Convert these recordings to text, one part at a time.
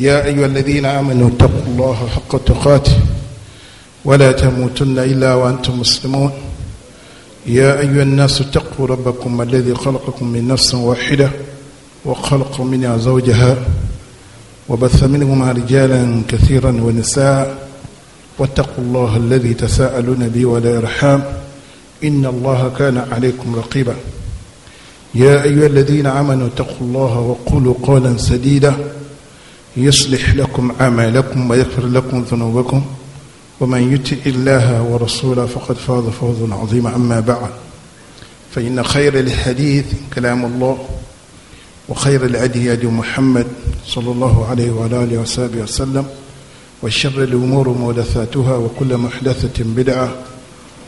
يا أيها الذين آمنوا اتقوا الله حق تقاته ولا تموتن إلا وأنتم مسلمون يا أيها الناس اتقوا ربكم الذي خلقكم من نفس واحدة وخلق منها زوجها وبث منهما رجالا كثيرا ونساء واتقوا الله الذي تساءلون به ولا إرحام إن الله كان عليكم رقيبا يا أيها الذين آمنوا اتقوا الله وقولوا قولا سديدا يصلح لكم أعمالكم ويغفر لكم ذنوبكم ومن يطع الله ورسوله فقد فاز فوزا عظيما أما بعد فإن خير الحديث كلام الله وخير الهدي هدي محمد صلى الله عليه وعلى آله وصحبه وسلم وشر الأمور محدثاتها وكل محدثة بدعة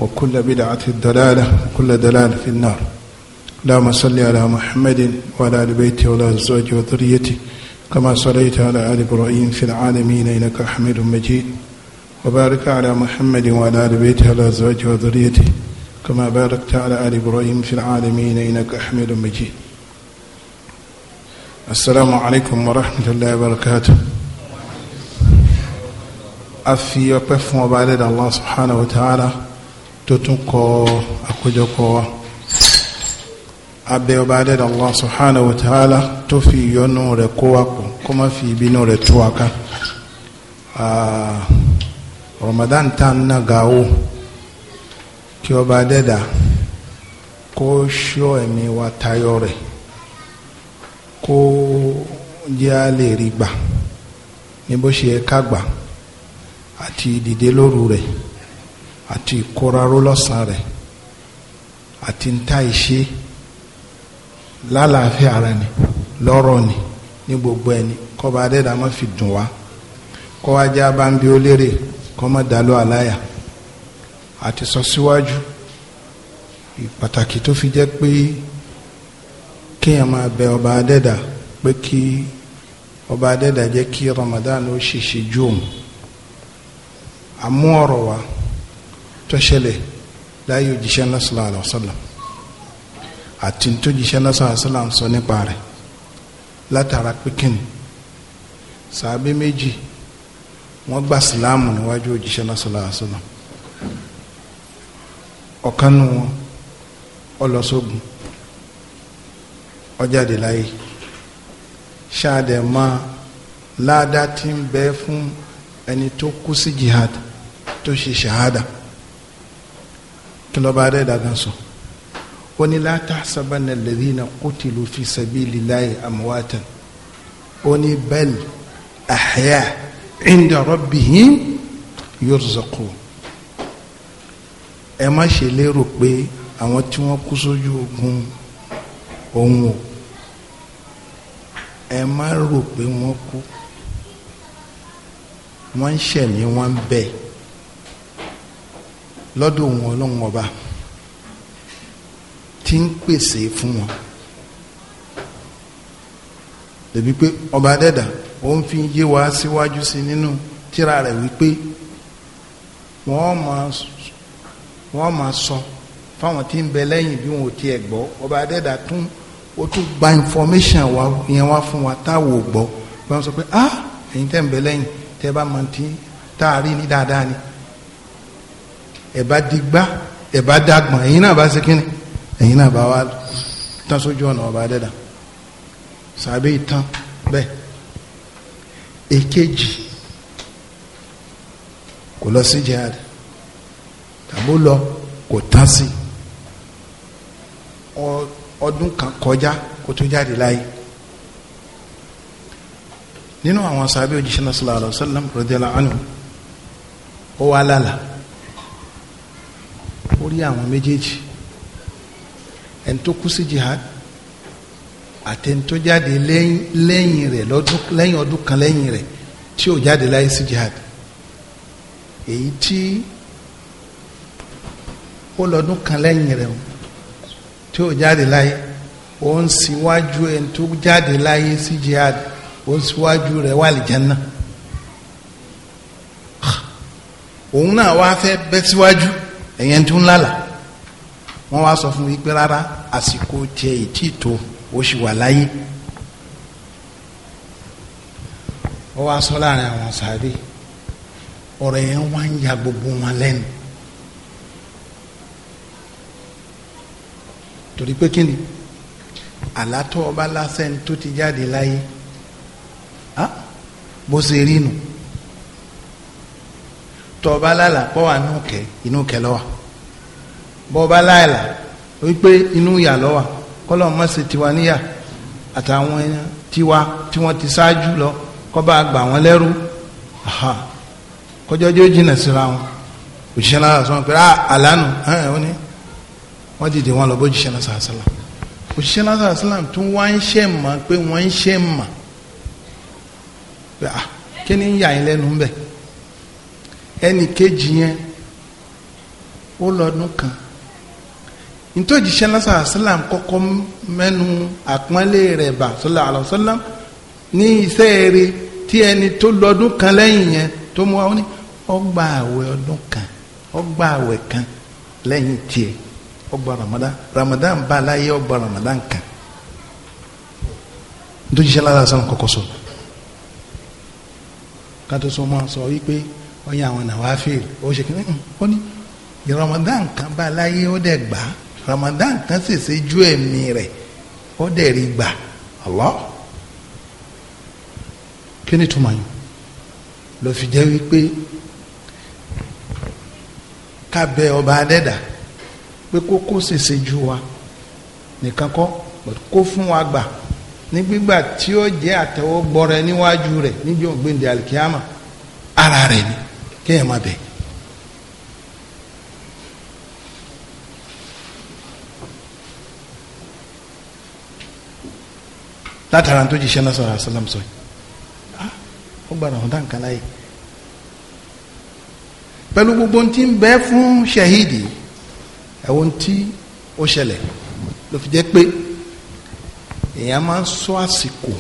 وكل بدعة الدلالة وكل دلالة في النار اللهم صل على محمد وعلى آل بيته وعلى أزواجه وذريته كما صليت على آل إبراهيم في العالمين إنك حميد مجيد وبارك على محمد وعلى آل بيته الأزواج وذريته كما باركت على آل إبراهيم في العالمين إنك حميد مجيد السلام عليكم ورحمة الله وبركاته أفي يقف مبالد الله سبحانه وتعالى Allah subhanahu wa abẹ ọba adẹ́dà allah subhanahu wa ta'ala tó fi ìyọnu rẹ̀ kó wa pọ̀ kó má fi ìbínú rẹ̀ tú wa ká ramadan tá a ná gàwó kí ọba adẹ́dà kó ṣọ́ ẹ̀mí wa tayọ rẹ̀ kó jẹ́ a lè rí gbà ní bó ṣe ká gbà àti ìdìde lóru rẹ̀ àti ìkóraró lọ́sàn rẹ̀ àti ń ta ìṣe lálàáfíà ara ni lọ́rọ̀ ni ní gbogbo ẹni kọba adẹ́dàá má fi dùn wá kọ́wá jẹ́ abáńbí ó lérè kọ́ má dàlú àláyà àti sọ síwájú pàtàkì tó fi jẹ́ pé kéèyàn máa bẹ ọba adẹ́dà pé kí ọba adẹ́dà jẹ́ kí Ramadan ó ṣèṣe ju òun àmú ọ̀rọ̀ wa tó láyé òjíṣẹ́ náà sallallahu alaihi wasallam àti ntòjíṣẹ́ lọ́sàn àṣìlá ń sọ nípa rẹ̀ látara pékin sàábé méjì wọ́n gba síláàmù níwájú òjíṣẹ́ lọ́sàn àṣìlá ọ̀kan nu wọn ọlọ́sọ́gun ọjáde láyé ṣáàdẹ̀ máa láàdá tí ń bẹ fún ẹni tó kú sí jihad tó ṣe ṣahada kí lọ́ba adẹ́dàgán sọ. So ó ní la tahsabanna alladhina qutilu fi sabilillahi amwatan ó ní bal ahya inda rabbihim yurzaqun ẹ má ṣe lérò pé àwọn tí wọ́n kú sójú ogun ohun o ẹ má rò pé wọ́n kú wọ́n ń ṣẹ̀mí wọ́n ń lọ́dọ̀ òun ọlọ́run ọba tí ń pèsè fún wọn dèbí pé ọba dẹ́dà ó ń fi yé wa síwájú sí nínú tírà rẹ̀ wípé wọ́n máa wọ́n máa sọ fáwọn tí ń bẹ lẹ́yìn bí wọn ò tiẹ̀ gbọ́ ọba dẹ́dà tún ó tún gba information wa yẹn wá fún wa táwọn ò gbọ́ bí wọ́n sọ pé ah ẹ̀yin tẹ̀ ń bẹ lẹ́yìn tẹ́ bá máa ti tá a rí ní dáadáa ni ẹ̀ bá digbá ẹ̀ bá dagbọ̀n ẹ̀yin náà bá ṣe kí ni ẹ̀yin náà bá wa tán sójú ọ̀nà ọba dẹ́dà sàbẹ̀ ìtàn bẹ́ẹ̀ èkejì kò lọ sí jihad tàbó lọ kò tán sí ọdún kan kọjá kó tó jáde láyé nínú àwọn sàbẹ̀ òjíṣẹ́ náà sallallahu alaihi wasallam radiyallahu anhu ó wà lálàá ó rí àwọn méjèèjì ẹni tó kú sí jihad àtẹni tó jáde lẹ́yìn lẹ́yìn rẹ̀ lọ́dún lẹ́yìn ọdún kan lẹ́yìn rẹ̀ tí ò jáde láyé sí jihad èyí tí ó lọ́dún kan lẹ́yìn rẹ̀ tí ò jáde láyé ó ń síwájú ẹni jáde láyé sí jihad ó ń síwájú rẹ̀ wà lí òun náà wá fẹ́ bẹ́ síwájú ẹ̀yẹn tó lálàá wọ́n wá sọ fún mi pé rárá àsìkò tiẹ̀ ìtì tó o sì wà láyé ó wá sọ láàrin àwọn sáré ọ̀rọ̀ yẹn wá ń ya gbogbo wọn lẹ́nu torí pé kí ni àlátọ́ ọba lásán tó ti jáde láyé bó ṣe rí nu tọ́ ọba lálàpọ̀ wà nù kẹ́ inú kẹ́ lọ́wọ́ bọ́ọ̀bá láìlà wípé inú ìyà lọ́wà kọ́lọ́ mọ́ sí tiwa níyà àtàwọn tiwa tí wọ́n ti ṣáájú lọ kọ́ bá gbà wọ́n lẹ́rú kọjọ́jọ́ jìnnà síra wọn òṣìṣẹ́ náà sọ pé ah, àlánù ó ní wọ́n dìde wọn lọ bó òṣìṣẹ́ náà sàásìlà òṣìṣẹ́ náà sàásìlà tún wá ń ṣe mà pé wọ́n ń ṣe mà ah, kí ni ń yà yín lẹ́nu ń ẹnì kejì yẹn ó lọ́dún kan nítorí jíṣẹ́ lásán àṣìlám kọ́kọ́ mẹ́nu àpọ́nlé rẹ̀ bà sọlá àlọ́sọ́lá ní iṣẹ́ rẹ̀ tí ẹni tó lọ́dún kan lẹ́yìn yẹn tó mú wa ní ọgbà àwẹ̀ ọdún kan ọgbà àwẹ̀ kan lẹ́yìn tiẹ̀ ọgbà Ramadan Ramadan bá láyé ọgbà Ramadan kan nítorí jíṣẹ́ lásán kọ́kọ́ sọ kátó sọ máa sọ wípé ọyàn àwọn nàwa fèrè ó ṣe kí ní Ramadan kan bá láyé ó dẹ̀ gbàá. Ramadan kan ṣèṣe ju ẹ̀mí rẹ̀ ó dẹ̀ rí gbà Allah kí ni túmọ̀ yìí lọ fi jẹ́ wípé ká bẹ ọba adẹ́dà pé kókó ṣèṣe ju wa nìkan kọ́ kó fún wa gbà ní gbígbà tí ó jẹ́ àtẹ́wọ́gbọ́ rẹ níwájú rẹ̀ níjọ́ gbẹ̀ndẹ̀ alikiyama ara rẹ̀ ni kéèyàn má bẹ̀ẹ́. látara tó jíṣẹ́ náà sọ̀rọ̀ àṣàlám sọ yìí ah, ó gba Ramadan kan láyè pẹ̀lú gbogbo tí ń bẹ fún ṣahidi ẹ̀wọ̀n tí ó ṣẹlẹ̀ ló fi jẹ́ pé èèyàn máa ń sọ àsìkò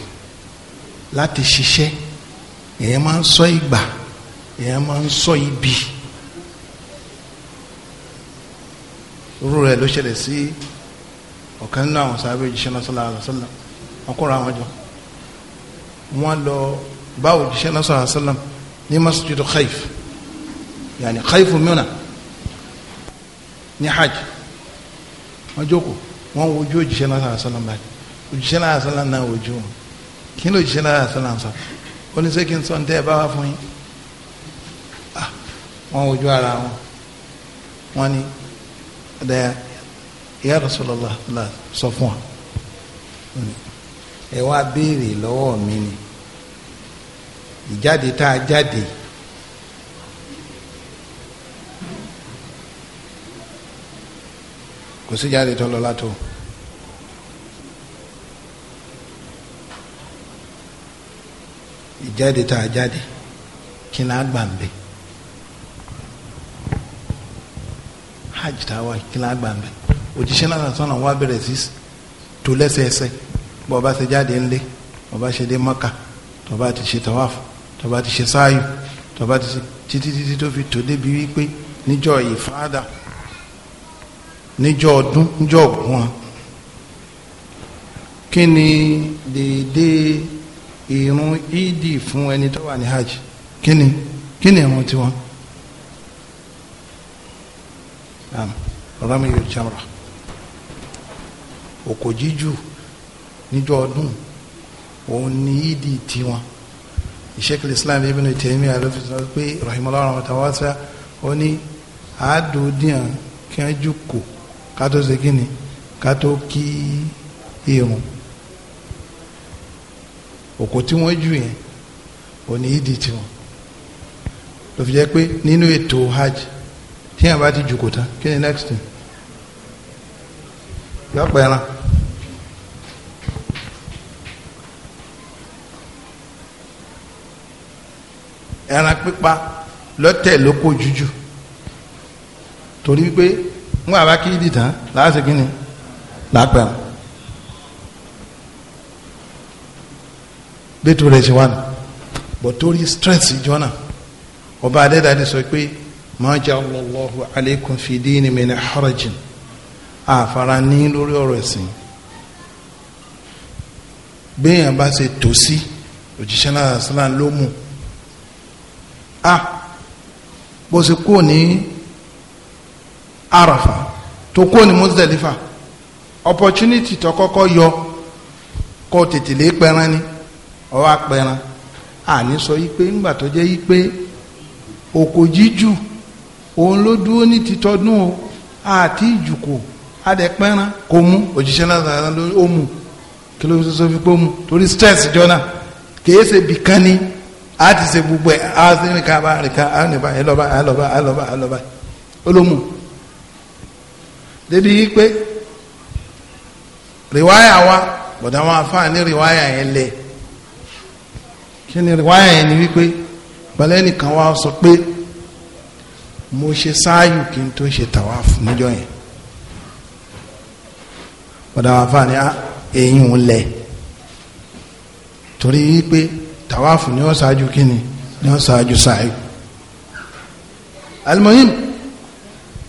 láti ṣiṣẹ́ èèyàn máa ń sọ ìgbà èèyàn máa ń sọ ibi irú ló ṣẹlẹ̀ sí ọ̀kan nínú àwọn sábẹ́ òjíṣẹ́ náà sallallahu alaihi wasallam wọ́n kóra wọn jọ wọ́n lọ bá òjíṣẹ́ náà sọ̀rọ̀ àṣàlám ní masjidu khayf yàní khayf Mina ní hajj wọ́n jókòó wọ́n wojú òjíṣẹ́ náà sọ̀rọ̀ àṣàlám báyìí òjíṣẹ́ náà sọ̀rọ̀ náà wojú wọn kí ló jíṣẹ́ náà sọ̀rọ̀ àṣàlám ó ní sẹ́kìn sọ̀ǹtẹ́ ẹ̀ bá wà fún yín ah, wọ́n wojú ara wọn wọ́n ní ẹ̀dá ya Rasulullah sọ fún wa ẹ wá béèrè lọ́wọ́ mi ni ìjáde tá a jáde kò sí jáde tó lọ́lá tó. ìjáde tá a jáde kí ni gbà ń bẹ hajj tá a wá kí ni gbà ń bẹ òjíṣẹ́ náà sọ̀nà wá bẹ̀rẹ̀ sí tó lẹ́sẹẹsẹ bó bá ṣe jáde ńlé bó bá ṣe dé mọ́kà tó bá ti ṣe tawaf tó bá ti ṣe sáàyù tó bá ti ṣe títí títí tó fi tó débi wípé níjọ́ ìfáàdà níjọ́ ọdún níjọ́ ògùn kí ni dèédé ìrun ìdì fún ẹni tó wà ní hajj kí ni kí ni ìrun tiwọn rami yorùbá òkò jíjù níjọ́ ọdún òun ni yídi tiwọn ìṣẹ́kìlì islam ibn Taymiyyah àlọ́fi sọ pé rahimahullah rahmatawasa ó ní àádọ́díàn kí wọ́n jókòó ká tó ṣe kí ni ká tó kí irun òkò tí wọ́n jù yẹn ò ní yídi tiwọn ló fi jẹ́ pé nínú ètò hajj tí yẹn bá ti jókòó tán kí ni next thing yọ pẹ́ràn. ẹran pípa lọ́tẹ̀ ló kó jújù torí pé ń wà bá kí ìdì tán láàṣẹ kí ni rẹ̀ ṣe wà nù bọ̀ torí stress jọ́nà ọba adédáde sọ pé fi harajin àfara ní lórí ọ̀rọ̀ ẹ̀sìn béèyàn bá ṣe tòsí òjíṣẹ́ náà ló mú a ah, bó ṣe kúrò ní Arafa tó kúrò ní Muzdalifa opportunity tó yọ kó tètè ni ọwọ́ apẹran àní sọ yí pé ńgbà tó jẹ́ yí pé òkò jíjù òun ló dúró ní títọ́dún o àti ìjùkò adẹ̀pẹ́ran kò mú òjíṣẹ́ náà ló mú kí jọ náà kì í a ti se gbogbo ɛ a ti se ka ba ka a ni ba ɛ lɔba ɛ lɔba ɛ lɔba yi pe riwaya wa bɔdɔn wa fa ni riwaya yɛ lɛ kini riwaya yɛ ni wi pe balɛ nikan wa sɔ pe mo se saayu ki n to se tawa funujɔ yɛ bɔdɔn wa fa ni a tori yi pe. tàwáàfù ni ó ṣáájú kíni ni ó ṣáájú sáyù alimohim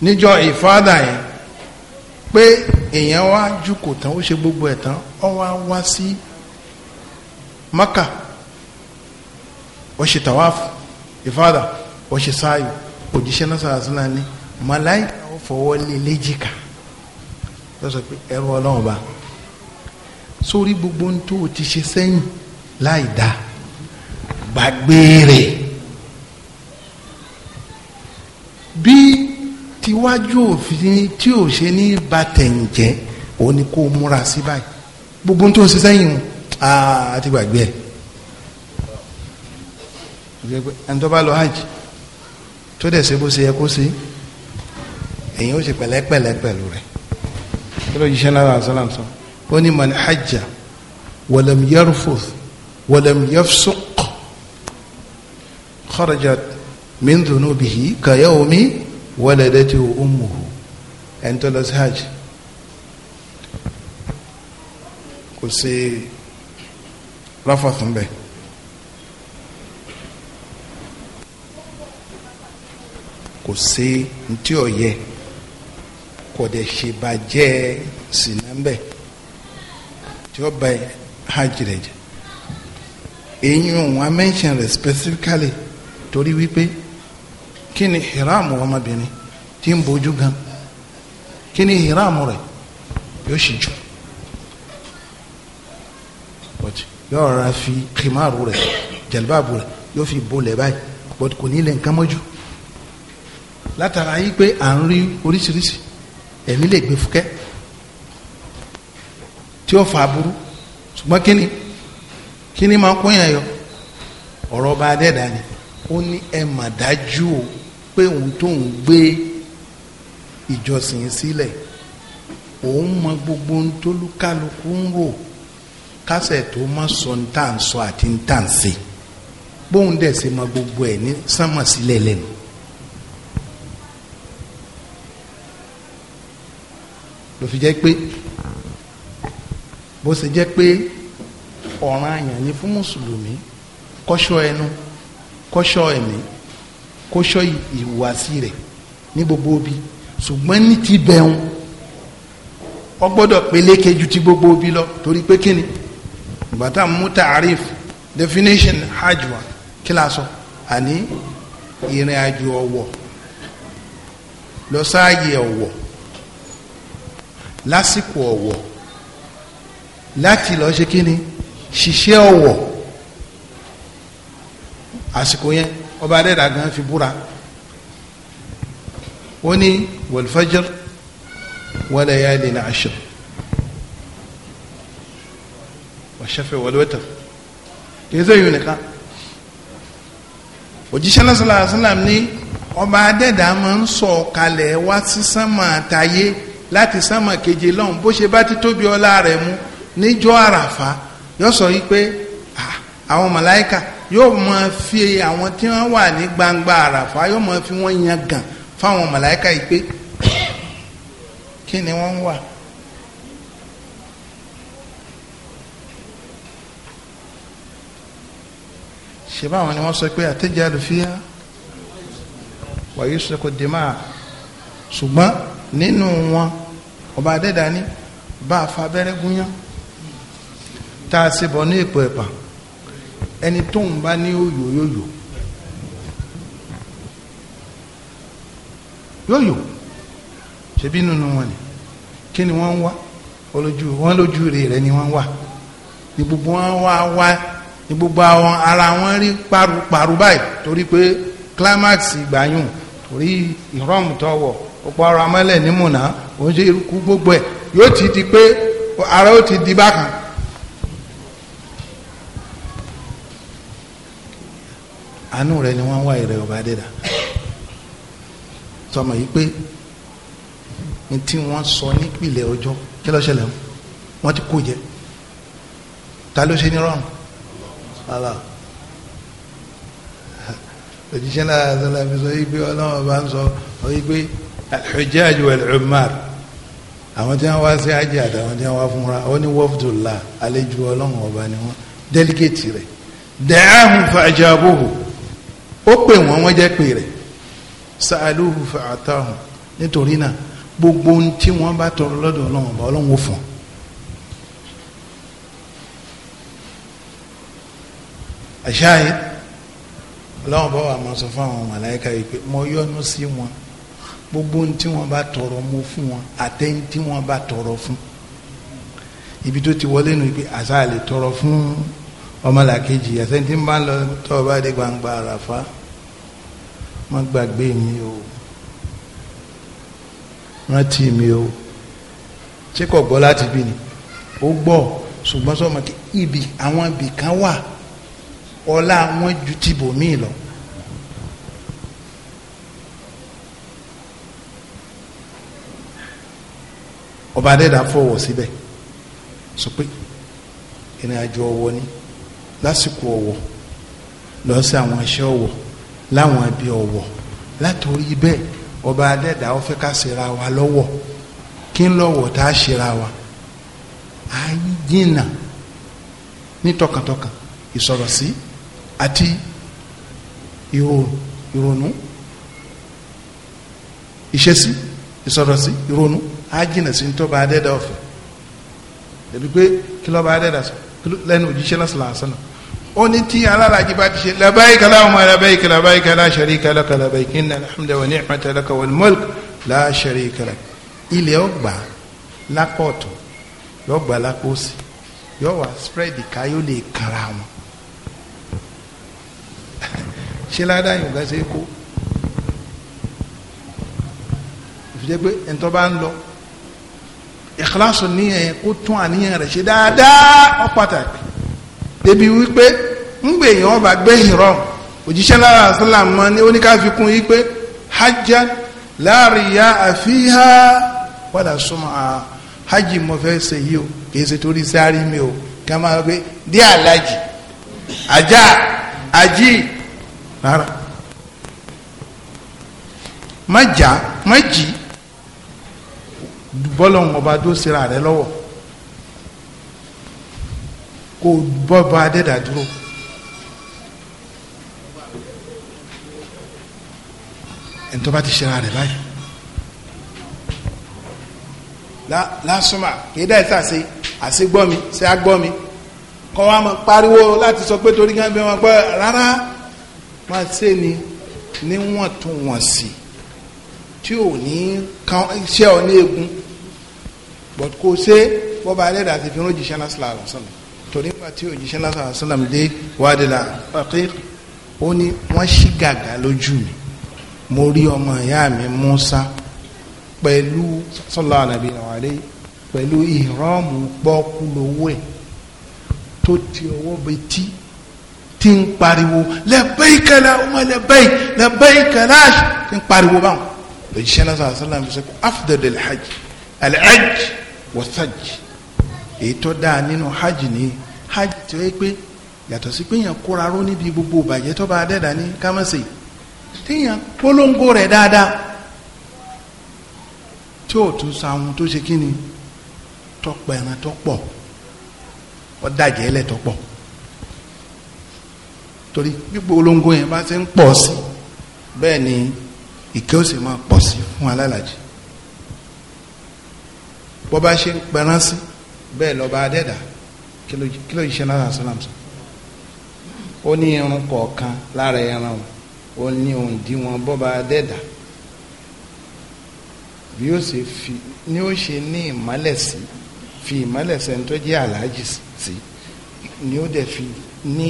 níjọ ìfọ́dà yẹn pé èèyàn wá ju kò tán ó ṣe gbogbo ẹ̀ tán ó wá wá sí maka ó ṣe tàwáàfù ìfọ́dà ó ṣe sáyù òjíṣẹ́ náà sàásìlá ni màláìka ó fọwọ́ lé léjìká lọ́sọ̀ pé ẹ̀rọ ọlọ́run bá sórí gbogbo ohun o ti ṣe sẹ́yìn láì dáa gbàgbé rẹ̀ bí tiwájú òfin tí ò ṣe ní bàtẹ̀ǹjẹ́ òun ni kó múra sí báyìí gbogbo tó ń ṣe sẹ́yìn o àti gbàgbé ẹ̀ ẹni tó bá lọ hajj tó dẹ̀ ṣe bó ṣe yẹ kó ṣe èyí ó ṣe pẹ̀lẹ́pẹ̀lẹ́ pẹ̀lú rẹ̀ kí ló yíṣẹ́ náà sọ́lá sọ ó ní man hajja walam yarfuth walam yafsuq kharajat min dhunubihi ka yawmi waladatu ummuhu ẹni tó lọ sí hajj kò sí ráfàtún bẹ́ẹ̀. kò sí ntí ọ̀yẹ́ kò dẹ̀ ṣe bàjẹ́ sinambẹ́ tí ó bá hajj rẹ̀ jẹ́ èyí wọn mention rẹ̀ specifically torí wípé kí ni hiramu ọmọbìnrin tí ń bójú gan kí ni hiramu rẹ̀ yóò ṣì jù yóò rà fi kìmáàrú rẹ̀ jẹ̀lbáàbù rẹ̀ yóò fi bolẹ̀ báyìí but kò ní ilẹ̀ nǹkan mọ́jú látara yìí pé à ń rí oríṣiríṣi ẹ̀mí lè gbé fúkẹ́ tí ó fa aburú ṣùgbọ́n kíni kíni máa ń kóyàn yọ ọ̀rọ̀ ọba adẹ́dàá ni ó ní ẹ mà dájú o pé òun tó ń gbé ìjọsìn sílẹ̀ òun mọ gbogbo ohun tó lúkálukú ń rò kásẹ̀ tó mọ̀ sọ ní tà ń sọ àti ní tà ń ṣe bóun dẹ̀ ṣe mọ gbogbo ẹ̀ ní sánmọ̀ sílẹ̀ lẹ́nu. ló fi jẹ́ pé bó ṣe jẹ́ pé ọ̀ràn àyàn ni fún mùsùlùmí kọ́ṣọ́ ẹnu. E kọ́ṣọ́ ẹ̀mí kọ́ṣọ́ ìhùwàsí rẹ̀ ní gbogbo ibi ṣùgbọ́n ní ti bẹ̀rùn ọ gbọ́dọ̀ peléke ju ti gbogbo ibi lọ torí pé kíni bàtà mú taarif definition hajj wa kí la sọ àní ìrìn àjò ọ̀wọ̀ lọ sáàyè ọ̀wọ̀ lásìkò ọ̀wọ̀ láti lọ ṣe kíni ṣiṣẹ́ ọ̀wọ̀ àsìkò yẹn ọba adẹ́dà gan fi búra ó ní wàlfàjẹr wàlẹ̀ yà lè nà àṣẹ wàṣẹfẹ wàlúwẹtẹ kìí sọ yìí nìkan òjíṣẹ́ lọ́sọ̀lá àṣàlám ní ọba adẹ́dà máa ń sọ kalẹ̀ wá sí sánmà àtàyé láti sánmà keje lọ́hùn bó ṣe bá ti tóbi ọlá rẹ̀ mu níjọ́ àràfà yọ sọ yìí pé ah, àwọn màláìka yóò máa fi àwọn tí wọ́n wà ní gbangba àràfà yóò máa fi wọ́n yan gàn fáwọn màláìka yìí pé kí ni wọ́n wà. ṣèbá àwọn ni wọ́n sọ pé àtẹ̀jẹ́ àlùfíà wàyí sọ kò dé máa ṣùgbọ́n nínú wọn ọba adẹ́dàá ní bá a fa abẹ́rẹ́ gúnyán tá a ṣe bọ̀ ní ìpò ẹ̀pà. E ẹni tóun bá ní òyò yóyò yóyò ṣebí nínú wọn ni kí ni wọ́n ń wá olójú wọn lójú rere ni wọ́n wà ní gbogbo wọn wá wá ní gbogbo àwọn ara wọn rí paru-paru báyìí torí pé climax ìgbàyùn torí ìrọ́mù tọwọ̀ ọ̀pọ̀ ọ̀rọ̀ amọ́lẹ̀ nímùnà òun ṣe irúkú gbogbo ẹ̀ yóò ti di pé ara ó ti di bákan àánú rẹ ni wọ́n wá ìrẹ̀ ọba dẹ́dà sọmọ yìí pé ní tí wọ́n sọ nípìnlẹ̀ ọjọ́ kí ló ṣẹlẹ̀ wọ́n ti kó jẹ ta ló ṣe ní rọrùn Allah òjíṣẹ́ náà sọlá fi sọ yìí pé ọlọ́wọ́n bá ń sọ yìí pé al-hujjaj wal-ummar àwọn tí wọ́n wá sí ajé àtàwọn tí wọ́n wá fúnra ó ní wafdullah àlejò ọlọ́wọ́n ọba ni wọ́n délígéètì rẹ̀ da'ahum fa'ajabuhu ó pè wọ́n wọ́n jẹ́ pè rẹ̀ sàlùhù fàtàhùn nítorí náà gbogbo ohun tí wọ́n bá tọrọ lọ́dọ̀ ọlọ́run ọba ọlọ́run ó fún un. àṣàyè ọlọ́run bá wà máa sọ fún àwọn màláìka yìí pé mo yọ́nú sí wọn gbogbo ohun tí wọ́n bá tọrọ mo fún wọn àtẹ́yìn tí wọ́n bá tọrọ fún ibi tó ti wọlé nù pé àṣà lè tọrọ fún un ọmọlàkejì ẹsẹ tí ń bá lọ tọ́ ọ bá dé gbangba àràfá má gbàgbé mi o rántí mi o ṣé kò gbọ́ láti bí ni ó gbọ́ ṣùgbọ́n sọ́mọ kí ibi àwọn ibì kan wà ọlá wọn ju tibòmíì lọ. ọba adẹ́dàá fọwọ́ síbẹ̀ sọ pé ìrìn àjò ọwọ́ ni. So, lásìkò ọ̀wọ̀ lọ sí àwọn iṣẹ́ ọ̀wọ̀ láwọn ibi ọ̀wọ̀ látòrí bẹ́ẹ̀ ọba adẹ́dà ó fẹ́ ká ṣera wa lọ́wọ́ kí ń lọ́wọ́ tá a ṣera wa á jìnnà ní tọkàntọkàn ìsọ̀rọ̀ sí àti ìrònú ìṣesí ìsọ̀rọ̀ sí ìrònú á jìnnà sí ní tọ́ba adẹ́dà ọ̀fẹ́ ẹ̀bí pé kí lọ́ba adẹ́dà sọ lẹ́nu òjíṣẹ́ lọ́sọ̀lá àṣọ náà ó ní tí alálàjì bá ti ṣe labaika Allahumma labaika labaika la sharika laka labaika innal hamda wa ni'mata laka wal mulk la sharika laka ilẹ̀ ọgbà lápọ̀tù lọ́gbà lápòsì yóò wá spread ká yóò lè kara wọn ṣé ládàá yóò gá sí kó ìfìjẹ́ pé ẹ̀ńtọ́ bá ń lọ ikhlasu níyẹn kó tún àníyàn rẹ̀ ṣe dáadáa ó débi wípé ńgbè èèyàn ọba gbé ìrọ̀ òjíṣẹ́ lára àṣálà mọ́ ní oníkàfikún yìí pé hajj láàrin ya àfihàn padà súnmọ́ a hajj mo fẹ́ ṣe yìí o kìí ṣe torí sáré mi o kí a máa gbé dé alájì ajá ají rárá má jà má jì bọ́lọ̀ ọba tó ṣera rẹ lọ́wọ́ kò bọ́ba adẹ́dà dúró. ẹni tó bá ti ṣera rẹ̀ báyìí lásùmà kì í dá ìta ṣe àṣegbọ́ mi ṣe agbọ́ mi kọ́ wa máa pariwo láti sọ pé torí gánbẹ́ wọn pẹ́ rárá máa ṣe ni níwọ̀ntúnwọ̀nsì tí ò ní iṣẹ́ ọ ní egun bọ̀t kò ṣe bọ́ba adẹ́dà ti fi rán jíṣẹ́ náà sílá àlọ́ torí nígbà tí òjíṣẹ́ lásán àṣàlám dé wádìlà pàkí ó ní wọ́n ṣí gàgà lójú mi mo rí ọmọ ìyá mi Musa pẹ̀lú sọ́lá ànàbí nàwálé pẹ̀lú ìrọ́ọ̀mù pọ́ọ́kú lówó ẹ̀ tó ti ọwọ́ betí tí ń pariwo labbayka Allahumma labbayk labbayka láàṣ tí ń pariwo báwọn lójíṣẹ́ lásán àṣàlám fi sọ pé hajj al-hajj wa èyí tó dáa nínú hajj ní hajj tó yẹ pé yàtọ̀ sí pé èèyàn kóra ró níbi gbogbo ìbàjẹ́ tó bá dẹ́dà ní kámẹ́sì téèyàn polongo rẹ̀ dáadáa tí ò tún sàwọn tó ṣe kí ni tọpọ̀ ẹran tó pọ̀ ọ̀dàjẹ́ ẹlẹ́ tó pọ̀ torí gbígbó olóńgó yẹn bá ṣe ń pọ̀ sí bẹ́ẹ̀ ni ìkẹ́ ó sì máa pọ̀ sí fún alálàjì bọ́ bá ṣe ń pẹran sí. Si bẹ́ẹ̀ lọ́ba adẹ́dà kí ló ṣiṣẹ́ náà sọ́nà sọ ó ní irun kọ̀ọ̀kan lára ẹran ó ní òǹdíwọ̀n bọ́ba adẹ́dà bí ó ṣe fi ni ó ṣe ní ìmọ́lẹ̀ sí fi ìmọ́lẹ̀ sẹ́ni tó jẹ́ aláàjì sí ni ó dẹ̀ fi ní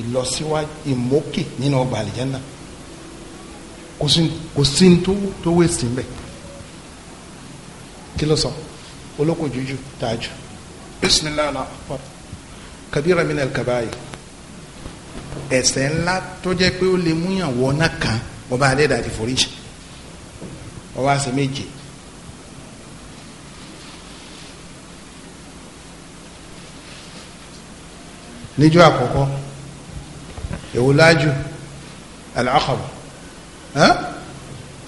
ìlọsíwájú ìmókè nínú ọgbà àlìjẹ́nà kò sí tó wé sí mbẹ̀ kí ló sọ. So? olókùn jújù tààjù bisimilahi akbar kabira minal kabayi ẹ̀ṣẹ̀ ńlá tó jẹ́ pé ó lè múyàn wọnà kan ọba adéda ti foríjì ọba àṣẹ méje níjọ́ àkọ́kọ́ èwo lájú al-Aqaba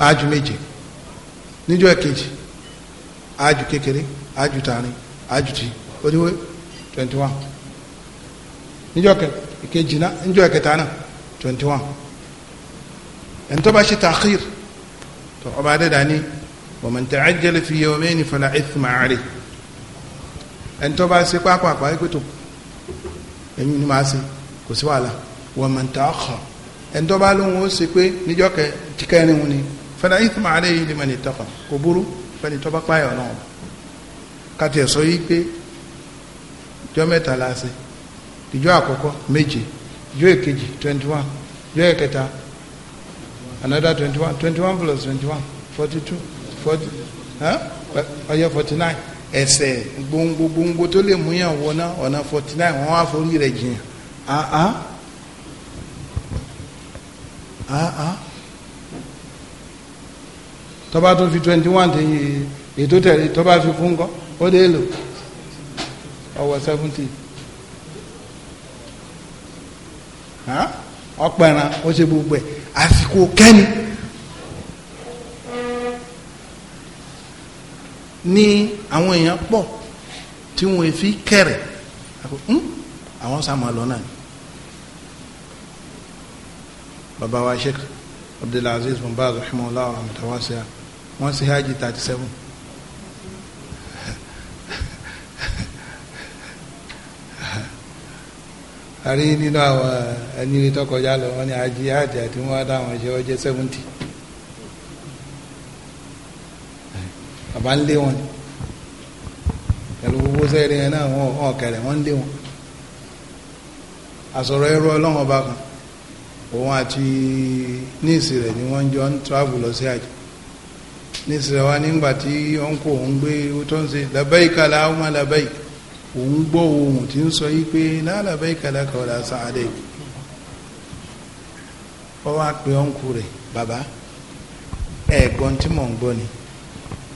ájú méje níjọ́ ẹ̀kejì ájù kékeré ájù tààrin ájù tí oníwé twenty one níjọ́ kejì náà níjọ́ kẹta náà twenty one ẹni tó bá ṣe tàkìr tó ọba adéda ní wa man ta'ajjala fi yawmayni fala ithma alayhi ẹni tó bá ṣe pápá àpá ni màá ṣe kò sí wàhálà wa man ta'akhkhar ẹni tó bá lóun ó ṣe pé níjọ́ kẹrin wọn ni fala ithma alayhi liman ittaqa pẹ́ni tó bá páyà ọlọ́run káti ẹ̀ sọ yí pé ìjọ mẹ́ta la ṣe ìjọ àkọ́kọ́ méje ìjọ èkejì twenty one ìjọ ẹ̀kẹta another twenty one twenty one plus twenty one forty two forty ọyọ forty nine ẹsẹ̀ gbòǹgbò gbòǹgbò tó lè múyàn wọná ọ̀nà forty nine wọ́n wá forí rẹ̀ jiyàn ah, ah. ah, tọ́ba tó fi twenty one ti ètò tẹ̀lé tọ́ba fi kún kọ́ ó dé lò ọwọ́ seventy ọ̀pẹ̀ràn ó ṣe gbogbo ẹ̀ àsìkò kẹ́ni ní àwọn èèyàn pọ̀ tí wọ́n fi kẹ̀rẹ̀ àwọn sàmà lọ náà ni baba wa sheikh abdulaziz bin baz rahimahullah wa rahmatulahi wọ́n ṣe hajj thirty seven. àrí nínú àwọn ẹni rí tọkọjá lọ wọ́n ní hajj hajj àti wọ́n dáwọn ṣe ọjọ́ seventy. bàbá ń lé wọn pẹ̀lú gbogbo sẹ́ẹ̀rì yẹn náà wọ́n ọ̀kẹ́rẹ̀ wọ́n ń lé wọn. àsọ̀rọ̀ ẹrú ọlọ́wọ́n bá kan òun àti níìsì rẹ̀ ni wọ́n jọ ń travel lọ sí àjò ní sèwá nígbà tí ọ̀nkò òun gbé tó ń ṣe labaika lahumma labaika òun gbọ́ ohun tí ń sọ yìí pé la labaika laka wala sa'alaik ọ wá pe ọ̀nkò rẹ̀ bàbá ẹ̀gbọ́n tí mò ń gbọ́ ni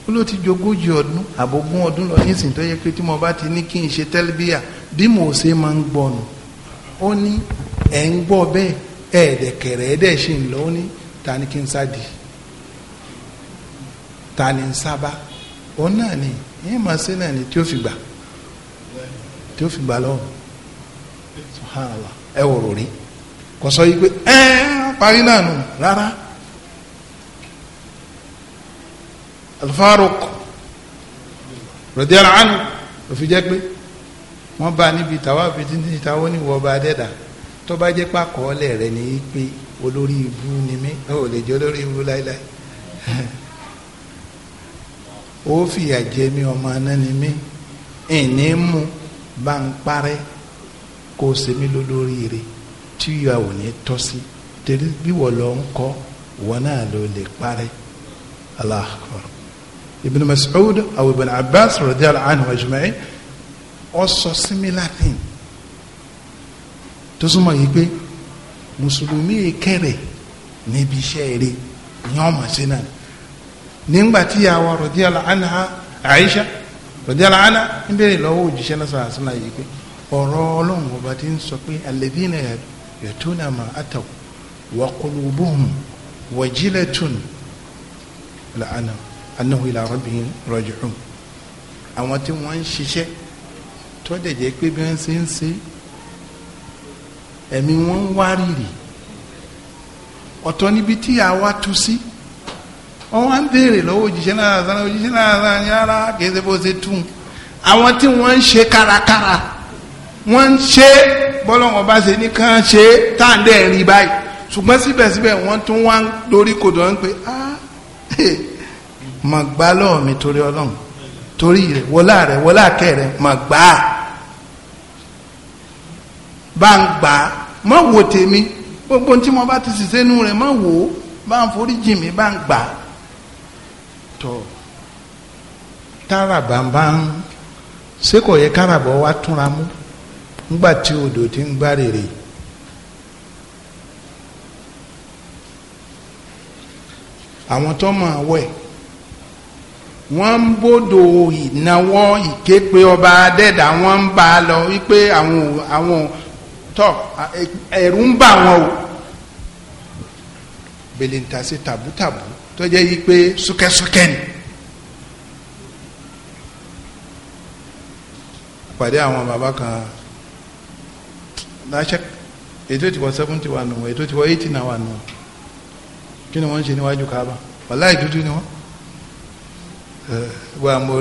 ó ló ti jogójì ọdún àbógún ọdún lọ nísìnyí tó yẹ pé tí mo bá ti ní kí n ṣe tẹ́lbíyà bí mo ṣe máa ń gbọ́ nù ó ní ẹ̀ ń gbọ́ bẹ́ẹ̀ ẹ̀ẹ́dẹ̀kẹ̀rẹ̀ ẹ̀ẹ́dẹ̀ ṣì ń lọ ó ní ta ni kí n sá di ta ni ń sábà òun náà ni yín máa ṣe náà ni tí ó fi gbà tí ó fi gbà lọ́wọ́ subhanallah ẹ wò rò rí kò sọ yìí pé ẹ parí náà nù rárá alfaruk radiyallahu anhu òfin jẹ́ pé wọ́n bá níbi tàwa fìdí ní ìtawọ́ ní bá dẹ́dà tó bá jẹ́ pàkọ́ọ́lẹ̀ rẹ̀ ní pé olórí ibu ni mí ó lè jẹ́ olórí ibu láéláé. ó fìyà jẹ mí ọmọ anáni mi ìní mú bá ń parẹ́ kó o ṣe mí lólóríire tí ìyá ò ní tọ́ sí torí bí wọ́n lọ ń kọ́ wọn náà ló lè parẹ́ Allahu Ibn Mas'ud aw Ibn Abbas radiyallahu anhu ajma'in ó sọ similar tó súnmọ́ yìí pé mùsùlùmí kẹrẹ̀ níbi iṣẹ́ rẹ̀ ni ọmọ sí náà nígbà tí àwọn rọ̀díàlà anha Aisha rọ̀díàlà anha ń bèrè lọ́wọ́ òjíṣẹ́ náà sọ̀rọ̀ àṣìlá yìí pé ọ̀rọ̀ ọlọ́run ọba ti ń sọ pé alladhina yatuna ma ataw wa qulubuhum wajilatun la'ana annahu ila rabbihim raji'un àwọn tí wọ́n ń ṣiṣẹ́ tó jẹ́ pé bí wọ́n ṣe ń ṣe ẹ̀mí wọn ń wárìrì ọ̀tọ̀ níbi tí àwa tu sí. Si wọ́n wá ń béèrè lọ́wọ́ òjíṣẹ́ náà sára òjíṣẹ́ náà sára ní ara kìí ṣe bó ṣe tún àwọn tí wọ́n ń ṣe kárakára wọ́n ń ṣe bọ́lọ́wọ́n bá ṣe ní ṣe táǹdẹ̀ rí báyìí ṣùgbọ́n síbẹ̀síbẹ̀ wọ́n tún wá ń dorí kodò ń pé ah mà gbá lọ́wọ́ mi torí ọlọ́run torí rẹ̀ wọlá rẹ̀ wọlá kẹ́ rẹ̀ mà gbá bá ń gbà á má wo tèmi gbogbo tí mo bá ti ṣiṣẹ́ nu rẹ̀ má wò bá ń forí jì mí bá ń gbà tọ táràbà bá ń ṣé kò yẹ káràbà wa túnra mú nígbà tí odò ti ń gbá rèrè àwọn tó mọ̀ wẹ̀ wọ́n ń bọ́dọ̀ ìnáwó ìképe ọba adẹ́dà wọ́n ń bá a lọ wípé àwọn àwọn tọ́ ẹ̀rù ń bà wọ́n o bèlè ń ta sí tàbútàbù tó jẹ́ yí pé súkẹ́súkẹ́ ni pàdé àwọn bàbá kan láṣẹ ètò ìtìwọ seventy wà nù ètò ìtìwọ eighty náà wà nù kí ni wọ́n ń ṣe níwájú kaaba wàláì dúdú ni wọ́n wà mo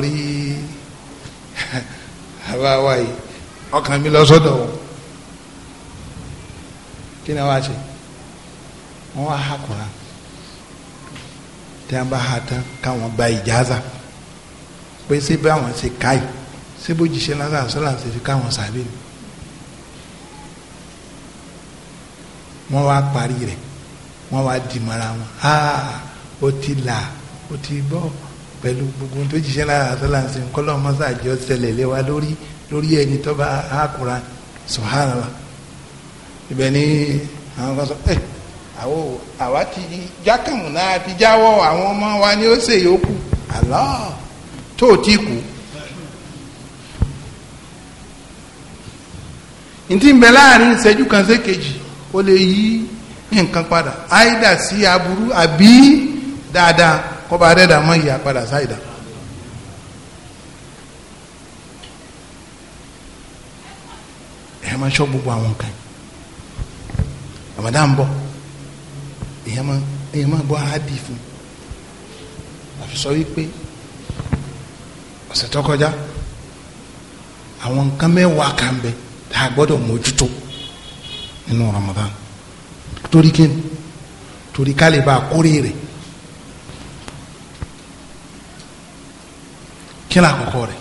àbá wa yìí ọkàn mi lọ sọ́dọ̀ wọn kí ni wọ́n ṣe wọ́n á hàkùnrin tí wọ́n bá ha tán káwọn gba ìjáza pé ṣé báwọn ṣe ká yìí ṣé bójúṣe lásán àṣọlá ṣe fi káwọn sàbẹ̀ ni wọ́n wá parí rẹ̀ wọ́n wá dì mọ́ra wọn aa ó ti là ó ti bọ́ pẹ̀lú gbogbo tó jíṣẹ́ lára àṣọlá ṣe ń kọ́lọ́ mọ́sàájọ́ ṣẹlẹ̀ lẹ́wà lórí lórí ẹni tó bá a kura sọ̀hánà wa ibẹ̀ ni àwọn kan sọ ẹ̀. Eh, àwa ti jákàmù ti jáwọ́ àwọn ọmọ wa ni ó ṣe yòókù Allah tó ti kú. ntí ń bẹ láàrin ìṣẹ́jú kan sí kejì ó lè yí nǹkan padà àìdá sí aburú àbí dáadáa kọba rẹ̀dà mọ́ ìyá padà sáìdá. ẹ máa ṣọ́ gbogbo àwọn kan Ramadan ń bọ̀ èèyàn máa èèyàn máa gbọ́ ábì fún àfi sọ wípé ọ̀sẹ̀ tó kọjá àwọn nǹkan mẹ́wàá kan bẹ tá a gbọ́dọ̀ mójútó nínú Ramadan torí kí ni torí ká lè ba àkórè rẹ̀ kí ni àkọ́kọ́ rẹ̀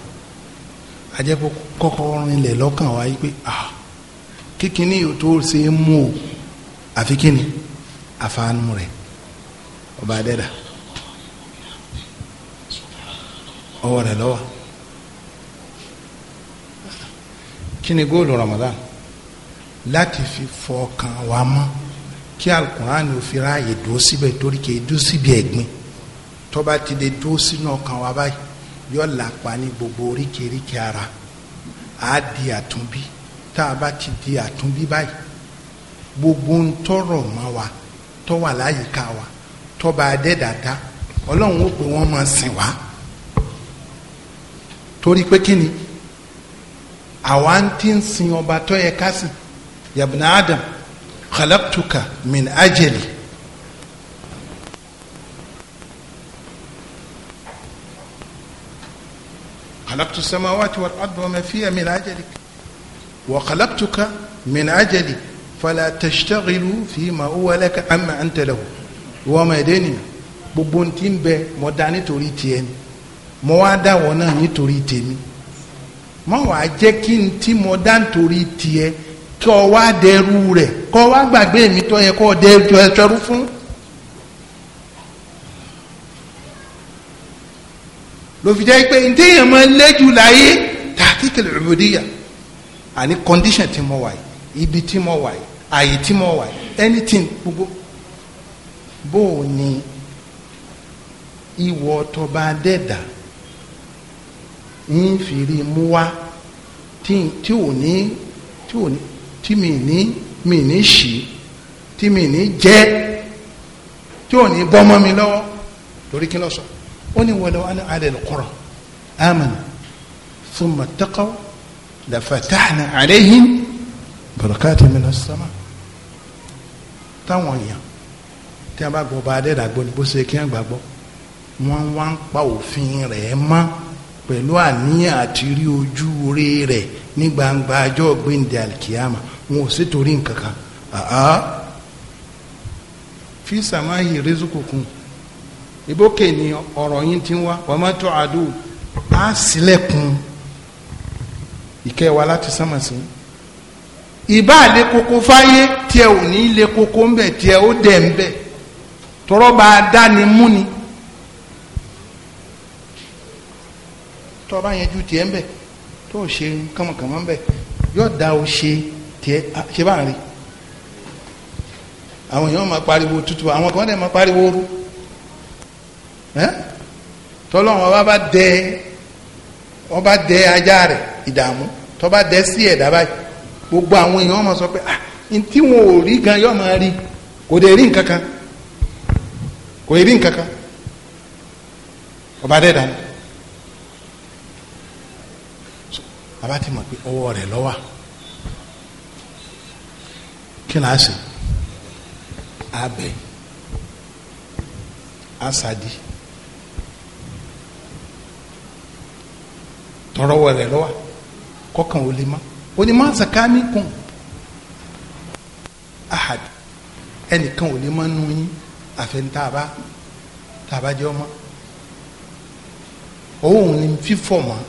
ajẹ́pọ̀ kọ́kọ́ rinlẹ̀ lọ́kàn wa yí pé ah, kíkiní yóò tó ṣe é mú o àfi kí àfààní rẹ̀ ọba adẹ́dà ọwọ́ rẹ̀ lọ́wọ́ kí ni góòlù Ramadan láti fi fọ ọkàn wa mọ́ kí alukur'an ò fi ráàyè dúró síbẹ̀ torí kì í dúró síbi ẹ̀gbin tọ́ba ti lè dúró sínú ọkàn wa báyìí yọ làpá ní gbogbo oríkèéríkèé ara á di àtúnbí tá a bá ti di àtúnbí báyìí gbogbo ń tọrọ mọ́ wa tó wà láyìíká wa tọba adẹ́dàdá ọlọ́run ó pè wọ́n máa sìn wá torí pé kí ni àwa ń ti ń sin ọba tó yẹ ká sìn yabna adam khalaqtuka min ajali. samawati wa والأرض وما فيها من أجلك وخلقتك من أجلي fala tashtagilu fima huwa laka amma anta lahu ìwọ ọmọ ẹ̀dẹ́ nìyẹn gbogbo ti ń bẹ mọ̀ dá nítorí tiẹ̀ ni mọ̀ wá dá wọ náà nítorí tèmi mọ̀ wá jẹ́ kí n tí mọ̀ dá nítorí tiẹ̀ kí ọ wá dẹrú rẹ̀ kọ́ wá gbàgbé mi tó yẹ kọ́ dẹrú ẹ̀tọ́rú fún. lòfìjẹ́ pé ntẹ́yìn máa ń lẹ́jù láyé tààtìkìlì ọ̀bọ̀dìyà àní kọ́ndíṣàn tí mo wà yìí ibi tí mo wà yìí àyè tí mo wà anything gbogbo bó o ní ìwọ tọba dẹ́dà ń fìrí mú wá tí ò ní tí ò ní tí mi ní mi ní ṣì tí mi ní jẹ́ tí ò ní bọ́ mọ́ mi lọ́wọ́ lórí kí ló sọ ó ní wọlé wọn alẹ́ lọ́kọ́rọ̀ amana thumma taqaw la fatahna alayhim barakati minas sama táwọn èèyàn tí wọ́n bá gbọ́ ọba adẹ́dàgbọ́ ni bó ṣe kí wọ́n gbàgbọ́ wọ́n wá ń pa òfin rẹ̀ mọ́ pẹ̀lú àníyàn àti rí ojú rè rẹ̀ ní gbangba ajọ́ gbẹ̀ǹdẹ̀ alikiyama wọn ò sì torí nǹkan kan fi sàmáhì ni ọ̀rọ̀ yín ti ń wá wọ́n má tó àdó á ìkẹwàá láti sánmà ìbá le koko fáyé tiẹ̀ ò ní lè koko ń bẹ̀ tiẹ̀ ó dẹ̀ ń tọrọ bá dání mú ni tọ́ bá yẹn ju tiẹ̀ ń bẹ̀ tó ṣe kànmọ́kànmọ́ ń bẹ̀ yóò da o ṣe tiẹ̀ ṣe bá ń rí àwọn èèyàn máa pariwo tútù àwọn kan dẹ̀ máa pariwo rú tọ́lọ́wọ́n ọba bá dẹ ọba dẹ ajá rẹ̀ ìdààmú tọ́ bá dẹ sí ẹ̀dá báyìí gbogbo àwọn èèyàn máa sọ pé ah n tí wọn ò rí gan yóò máa rí kò dé rí nǹkan kan kò rí nǹkan kan ọba dẹ́dà bàbá ti mọ̀ pé ọwọ́ rẹ̀ lọ́wọ́ kí ni a sè abẹ asadi tọrọwọ rẹ̀ lọ́wọ́ kọkàn ò lè mọ́ ó ní máa zaka mi kùn ahad ẹnìkan ò ní máa nu yín àfẹnitaba tàbá jẹ́ òun ni fífọ̀ mọ́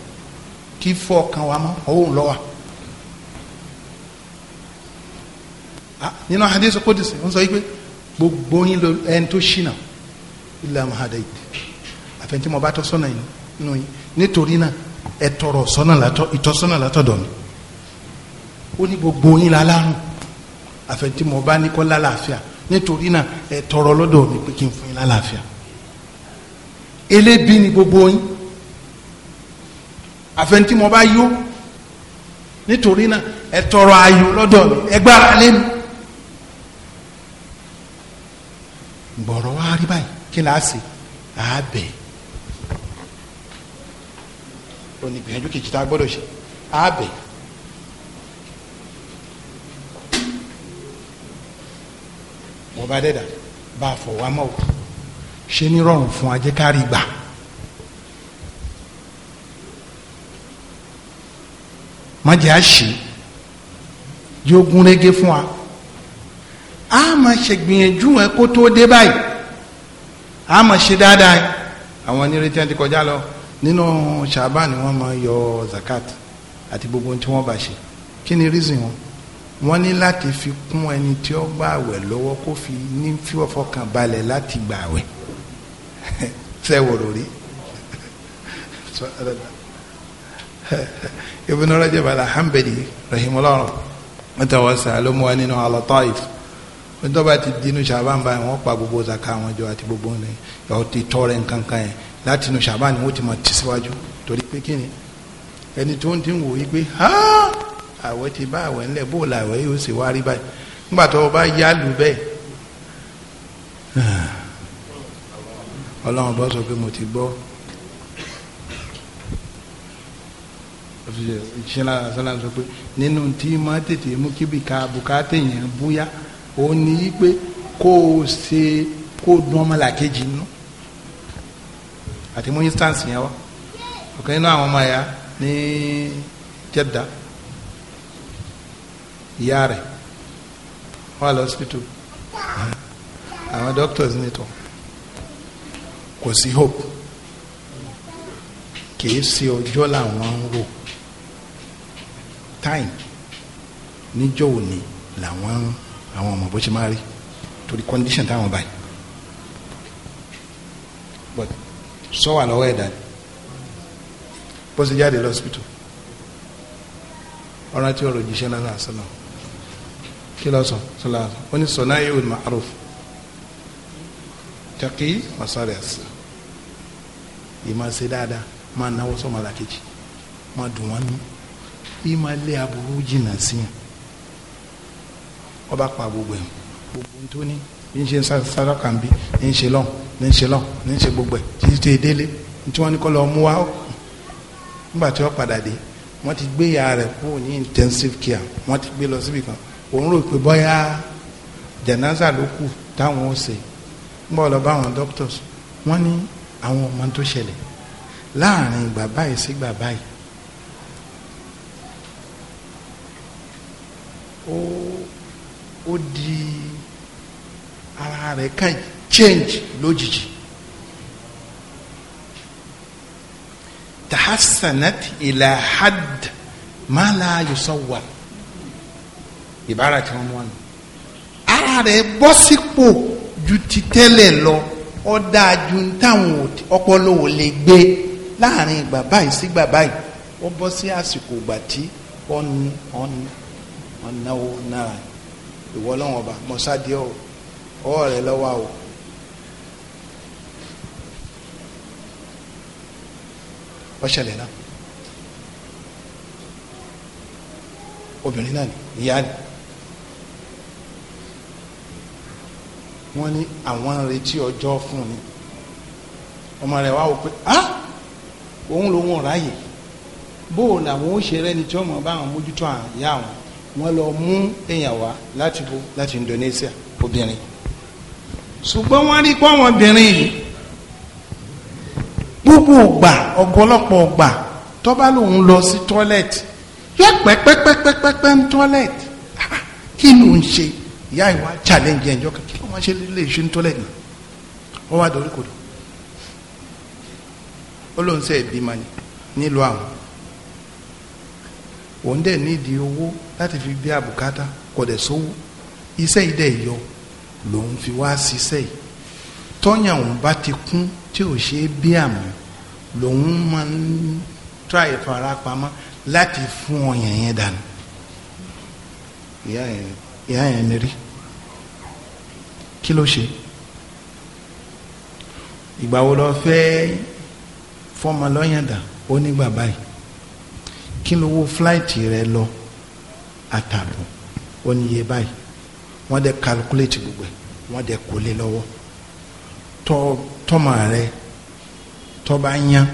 kí fọ́ kan wa mọ́ òun lọ́wọ́ nínú hadith qudsi ń sọ wípé gbogbo yín ló ẹni tó ṣìnà illa ma hadaytu àfẹnití mo bá tọ́ sọ́nà yìí nínú yín nítorí náà ẹ tọrọ sọ́nà látọ̀ ìtọ́sọ́nà látọ̀ dọ̀nù ó ní gbogbo yín la lárùn àfẹntí mo bá ní kọ́ lálàáfíà nítorí náà ẹ tọrọ lọ́dọ̀ mi pé kí n fún yín lálàáfíà elébi ni gbogbo yín àfẹntí mo bá yó nítorí náà ẹ tọrọ ayọ̀ lọ́dọ̀ mi ẹ gbára lé mi gbọ̀rọ̀ wá rí báyìí kí la ṣe àá onígbìyànjú kejì tá a gbọ́dọ̀ ṣe àá ọba dẹ́dà bá a fọ̀ wá mọ́ o ṣe ní rọrùn fún ajé kárí gbà. mọ̀jẹ̀ á ṣe yóò gún régé fún wa a máa ṣe gbìyànjú ẹ kó tó dé báyìí a máa ṣe dáadáa ẹ àwọn onírètí ti kọjá lọ nínú ṣàbá ni wọ́n máa yọ zakat àti gbogbo ohun tí wọ́n bá ṣe kí ni reason wọn wọ́n ní láti fi kún ẹni tí ó gbààwẹ̀ lọ́wọ́ kó fi ní fífọkàn balẹ̀ láti gbààwẹ̀ sẹ́wòrò rí Ibn Rajab al-Hanbali rahimahullah mẹ́tàwọ́sà ló mú wa nínú al-Taif nítorí bá ti dínú sàbán báyìí wọ́n pa gbogbo zaka wọn jọ àti gbogbo ní ọ̀ ti tọrẹ nǹkan kan yẹn láti inú sàbán wọ́n ti mọ̀ tẹ̀síwájú torí pé kí ẹni tó ń ti wò yí pé háà àwẹ̀ ti bá àwẹ̀ ńlẹ̀ bó làwẹ̀ yóò sì wá rí báyìí nígbà tó o bá yá lù bẹ́ẹ̀ ọlọ́run bá sọ pé mo ti gbọ́ ìṣẹ́lá sọ́lá sọ pé nínú tí máa tètè mú kíbi ká bùkátà yẹn búyá ó ní í pé kó o ṣe kó o dún ọmọlàkejì nù àti mú instance yẹn wá ọ̀kan nínú àwọn ọmọ ẹ̀yà ní Jeddah ìyá rẹ̀ wà lọ́sítítù àwọn doctors ní tọ́ kò sí hope kìí ṣe ọjọ́ làwọn ń rò time níjọ́ òní làwọn àwọn ọmọ bó ṣe máa rí torí condition táwọn báyìí but sọ wà lọ́wọ́ ẹ̀dá ni bó ṣe jáde lọ́sítítù ọ̀rọ̀ àti ọ̀rọ̀ jíṣẹ́ náà sọ náà kí ló sọ sọlá ó ní sọ náà yóò ma'ruf taqi masari ẹsẹ ìmọ̀ ṣe dáadáa máa náwó sọmọ làkejì máa dùn wọn nù ìmọ̀ lé aburú jìnnà sí yẹn ọba pa gbogbo ẹ̀ gbogbo tó ní ní ṣe sára kan bí ní ṣe lọ́n ní ṣe lọ́n ní ṣe gbogbo ẹ̀ tí ṣe délé tí wọ́n ní kọ́ lọ wa nígbà tí wọ́n padà dé wọ́n ti gbé ya rẹ̀ kúrò ní intensive care wọ́n ti gbé lọ síbi kan òun rò pé bọ́yá jẹ̀nàza ló kù táwọn ó ṣe ń bọ̀ lọ bá àwọn doctors wọ́n ní àwọn ọmọ tó ṣẹlẹ̀ láàrin ìgbà báyìí sí ìgbà báyìí ó ó di ara rẹ̀ kàn change lójijì tahassanat ila hadd ma la yusawwar ìbára tí wọ́n mú wọn. ara rẹ̀ bọ́ sípò ju ti tẹ́lẹ̀ lọ ó dáa ju táwọn ọpọlọ ò lè gbé láàrin ìgbà báyìí sí ìgbà báyìí ó bọ́ sí àsìkò ìgbà tí ọ̀nì ọ̀nì ọ̀nàwó náà ìwọ lọ́wọ́n ọba mọ̀sádìí ọ̀ ọwọ́ rẹ̀ lọ́wọ́ àwọ̀. ọ̀ṣẹ̀lẹ̀ náà obìnrin náà ni ìyá ni. wọ́n ní àwọn ń retí ọjọ́ fún ni ọmọ rẹ̀ wá wò pé ah òun lòun ráyè bó o làwọn ó ṣe rẹ́ni tí wọ́n mọ̀ bá àwọn mójútó àyà wọn wọ́n lọ mú èèyàn wá láti bo láti Indonesia obìnrin ṣùgbọ́n wọ́n rí pọ́ wọn obìnrin yìí gbogbo ògbà ọ̀gọ́lọ́pọ̀ ògbà tọ́ba lòun lọ sí tọ́lẹ̀tì yóò pẹ́ pẹ́ pẹ́ pẹ́ pẹ́ pẹ́ ní tọ́lẹ̀tì kí ló ń ṣe ìyá ìwà challenge ẹ̀jọ́ kankan wọ́n ṣe lè ṣe ń tọ́lẹ̀ gan wọ́n wá dorí kodò ó lóun sẹ́ ìbímọ ni nílùú àwọn òun dẹ̀ nídìí owó láti fi bí àbùkátà kò dẹ̀ sówó iṣẹ́ yìí dẹ̀ yọ lòun fi wá ṣiṣẹ́ yìí tọ́yàn òun bá ti kún tí ò ṣe é bí àmọ́ lòun máa ń tra ìfarapamọ́ láti fún ọyàn yẹn dànù ìyá yẹn ìyá yẹn ni rí kí ló ṣe ìgbà wo lọ fẹ́ fọmọ lọ́yàndà ó nígbà báyìí kí ló wo fúláìtì rẹ lọ àtààbọ̀ ó níye báyìí wọ́n dẹ̀ kálkúlétì gbogbo ẹ̀ wọ́n dẹ̀ kó lé lọ́wọ́ tọ́ tọ́mọ rẹ tọ́ bá yán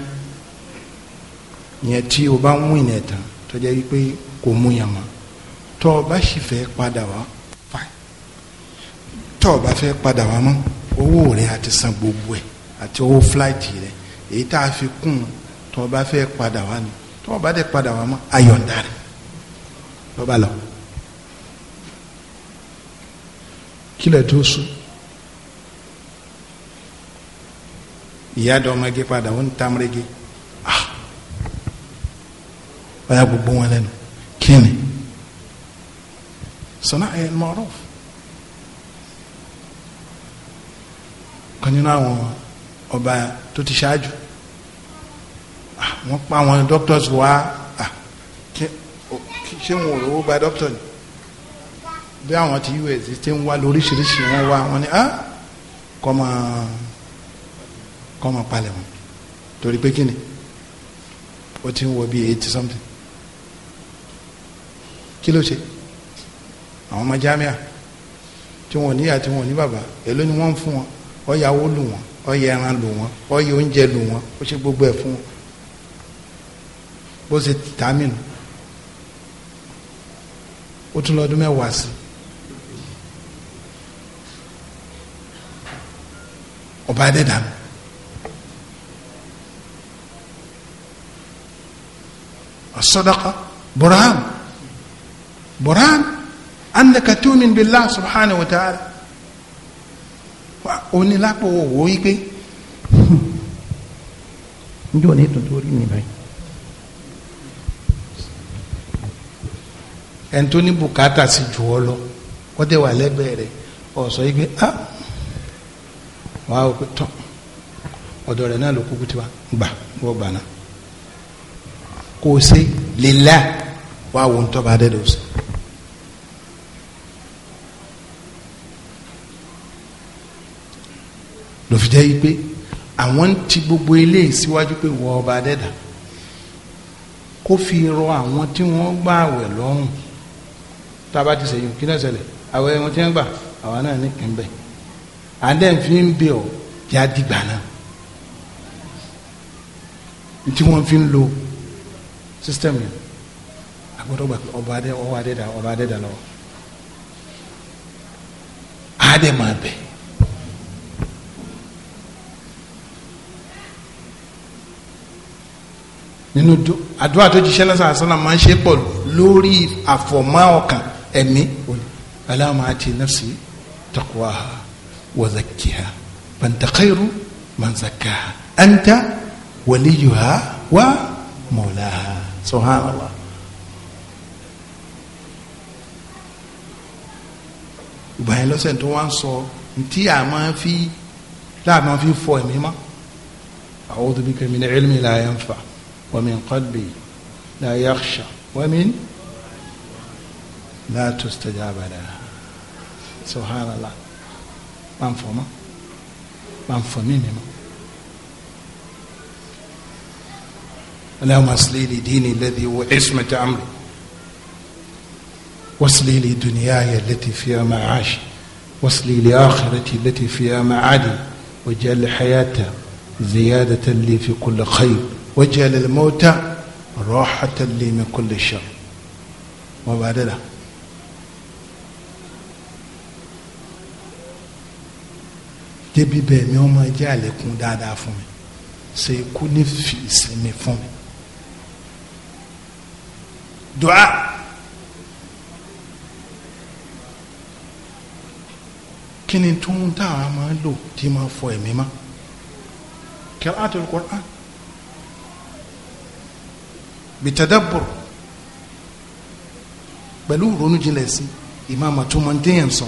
yẹn tí o bá ń mú ìnẹ̀ tán tọ́jà wípé kò mú yàn mọ́ tọ́ bá sì fẹ́ padà wá tó o bá fẹ́ padà wá mọ́ owó rẹ àti san gbogbo ẹ̀ àti owó fúláìtì rẹ èyí tá a fi kún un tó o bá fẹ́ padà wá ni tó o bá dẹ̀ padà wá mọ́ ayọ̀ǹda rẹ lọ́ba lọ. kílẹ̀ tó sùn ìyá dọ́mọge padà ó ń tamrege ah ọ̀ya gbogbo wọn lẹ́nu kí ni sọ́nà ẹ̀ mọ̀ọ́rọ́fù. ọ̀kan nínú àwọn ọba tó ti ṣáájú ah, wọ́n pa àwọn doctors wá ah, ṣé wọn ò rówó gba doctor ni bí àwọn ti us ti ń wá lóríṣiríṣi wọn wá wọn ni ah, kọ́mọ kọ́mọ palẹ̀ wọn torí pé kí ni ó ti ń wọ bí eighty something kí ló ṣe àwọn ọmọ jamia tí wọn ò níyà tí wọn ò ní bàbá èló ni wọn ń fún wọn ọyàwó lù wọ́n ọyẹ ẹran lù wọ́n ọyẹ oúnjẹ lù wọ́n ó ṣe gbogbo ẹ̀ fún wọn bó ṣe tà mí nù ó tún lọ́dún mẹ́wàá sí ọba adẹ́dàá mi. الصدقة برهان برهان أنك تؤمن بالله سبحانه وتعالى onílápò òwò wípé hmm, njó ní tuntun orí mi báyìí. ẹni tó ní bùkátà sí jù ọ lọ wọ́n tẹ wà lẹ́gbẹ̀ẹ́ rẹ̀ ọ̀sọ́ yìí ah wàá o pé tán ọ̀dọ̀ rẹ̀ náà ló kúkú tiwa gbà wọ́n gbà náà kò sí lè la wàá wò ń tọ́ dẹ́dọ̀ sí. ló fi jẹ́ yí pé àwọn ti gbogbo eléyìí síwájú pé wọ ọba adẹ́dà kó fi rọ àwọn tí wọ́n gbà àwẹ̀ lọ́rùn tá a bá ti sẹ́yìn kí náà ṣẹlẹ̀ àwẹ̀ wọn ti ń gbà àwa náà ní kí n bẹ̀ àdẹ́nfín ń bẹ̀ ọ́ kí á dìgbà náà tí wọ́n fi ń lo system yẹn agbọ́dọ̀ gbà pé ọba adẹ́dà ọba adẹ́dà lọ́wọ́ àdẹ́ máa bẹ̀ nínú àdúrà tó jíṣẹ́ lọ́sàn àṣàlà máa ń ṣe pọ̀ lórí àfọ̀mọ́ ọkàn ẹ̀mí aláàmà àti nafsi taqwaha wa zakkiha anta khayru man zakkaha anta waliyuha wa mawlaha subhanallah. ìgbà yẹn lọ́sẹ̀ tó wá ń sọ ntí a máa fi láàmú fi fọ ẹ̀mí mọ́ a'udhu bika min ilmin la yanfa'. ومن قلبي لا يخشى ومن لا تستجاب لها سبحان الله من من مفهومين اللهم اصلي لي ديني الذي هو عصمة أمري واصلي لي دنياي التي فيها معاشي واصلي لي آخرتي التي فيها معادي واجعل حياتها زيادة لي في كل خير waj'al al-mawta rahatan li min kulli sharr wọn bá dẹ́ra. débi bẹ́ẹ̀ mi wọ́n máa jẹ́ àlékún dáadáa fún mi ṣe ikú ní fi ìsinmi fún mi. dùá kí ni tó ń tà á máa lò tí máa fọ ẹ̀mí má kí á tó lè Kùránì bitadabbur pẹ̀lú ronú jinlẹ̀ sí ìmáàmà tó máa ń téèyàn sọ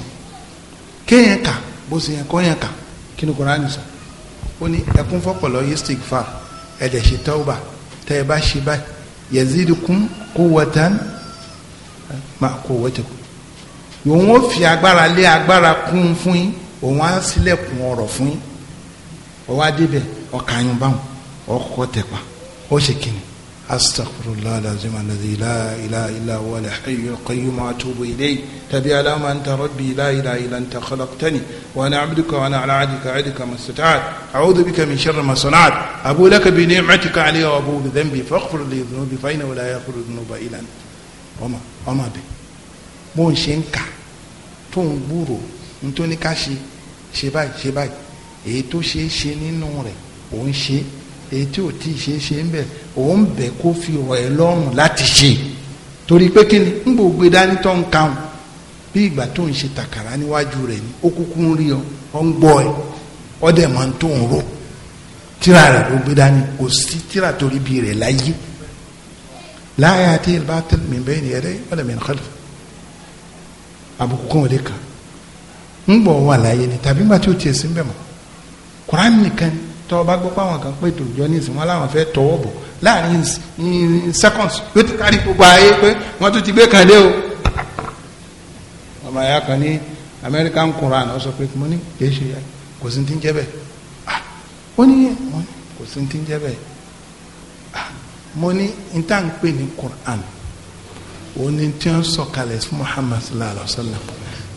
kéèyàn kà bó ṣe yẹn kọ́yàn kà kí ni Kùránì sọ ó ní ẹkún fọpọlọ yistigfar ẹdẹ ṣe tọ́wọ́bà ma quwwatikum òun ó fi agbára lé agbára kún fún yín òun á sílẹ̀kùn ọ̀rọ̀ fún yín ọwọ́ adébẹ̀ ọkàyùn báwọn ọkọ̀ tẹ̀pa ó ṣe kìnnì أستغفر الله العظيم الذي لا إله إلا هو الحي القيوم وأتوب إليه تبي علام أنت ربي لا إله إلا أنت خلقتني وأنا عبدك وأنا على عهدك عهدك ما استطعت أعوذ بك من شر ما صنعت أبو لك بنعمتك علي وأبو بذنبي فاغفر لي ذنوبي فإنه لا يغفر الذنوب إلا أنت وما وما بي مو شنكا تون بورو ntoni ká ṣe ṣe báyìí ṣe báyìí èyí tó ṣe é ṣe èyí tí ò tí ì ṣe é ṣe ń bẹ̀ òun bẹ̀ kó fi rọ̀ ẹ́ lọ́rùn láti ṣe torí pé kí ni ń gbòògbé dání tó ń kàún bí ìgbà tó ń ṣe tàkàrà níwájú rẹ̀ ni ó kúkú ń rí ọ ọ ń gbọ́ ẹ ọ dẹ̀ máa tó ń rò tíra rẹ̀ ló gbé dání kò sí tíra torí bí rẹ̀ láyé láyé àti ìbátan mi bẹ́ẹ̀ ni ẹ̀rẹ́ ọ̀dẹ̀ mi nìkan àbùkù kan ò lè kà ń gbọ̀ wà láyé ni tàbí ńgbà tí ó tiẹ̀ sí ń bẹ̀ mọ́ Kùránì nìkan ni tọ́ ọba gbọ́ pé àwọn kan pètò ìjọ ní ìsìn wọn láwọn fẹ́ tọwọ́ bọ̀ láàrin seconds ló ti kárí gbogbo ayé pé wọ́n tún ti gbé kan dé o ọmọ ẹ̀yà kan ní amẹ́ríkà ń kunra àná sọ pé mo ní kì í ṣe kò sí ti ń jẹ́ bẹ́ẹ̀ ó ní kò sí ti ń jẹ́ bẹ́ẹ̀ mo ní n tá n pè ní Quran òun ni tí wọ́n sọ̀kalẹ̀ fún Muhammad sallallahu alaihi wa sallam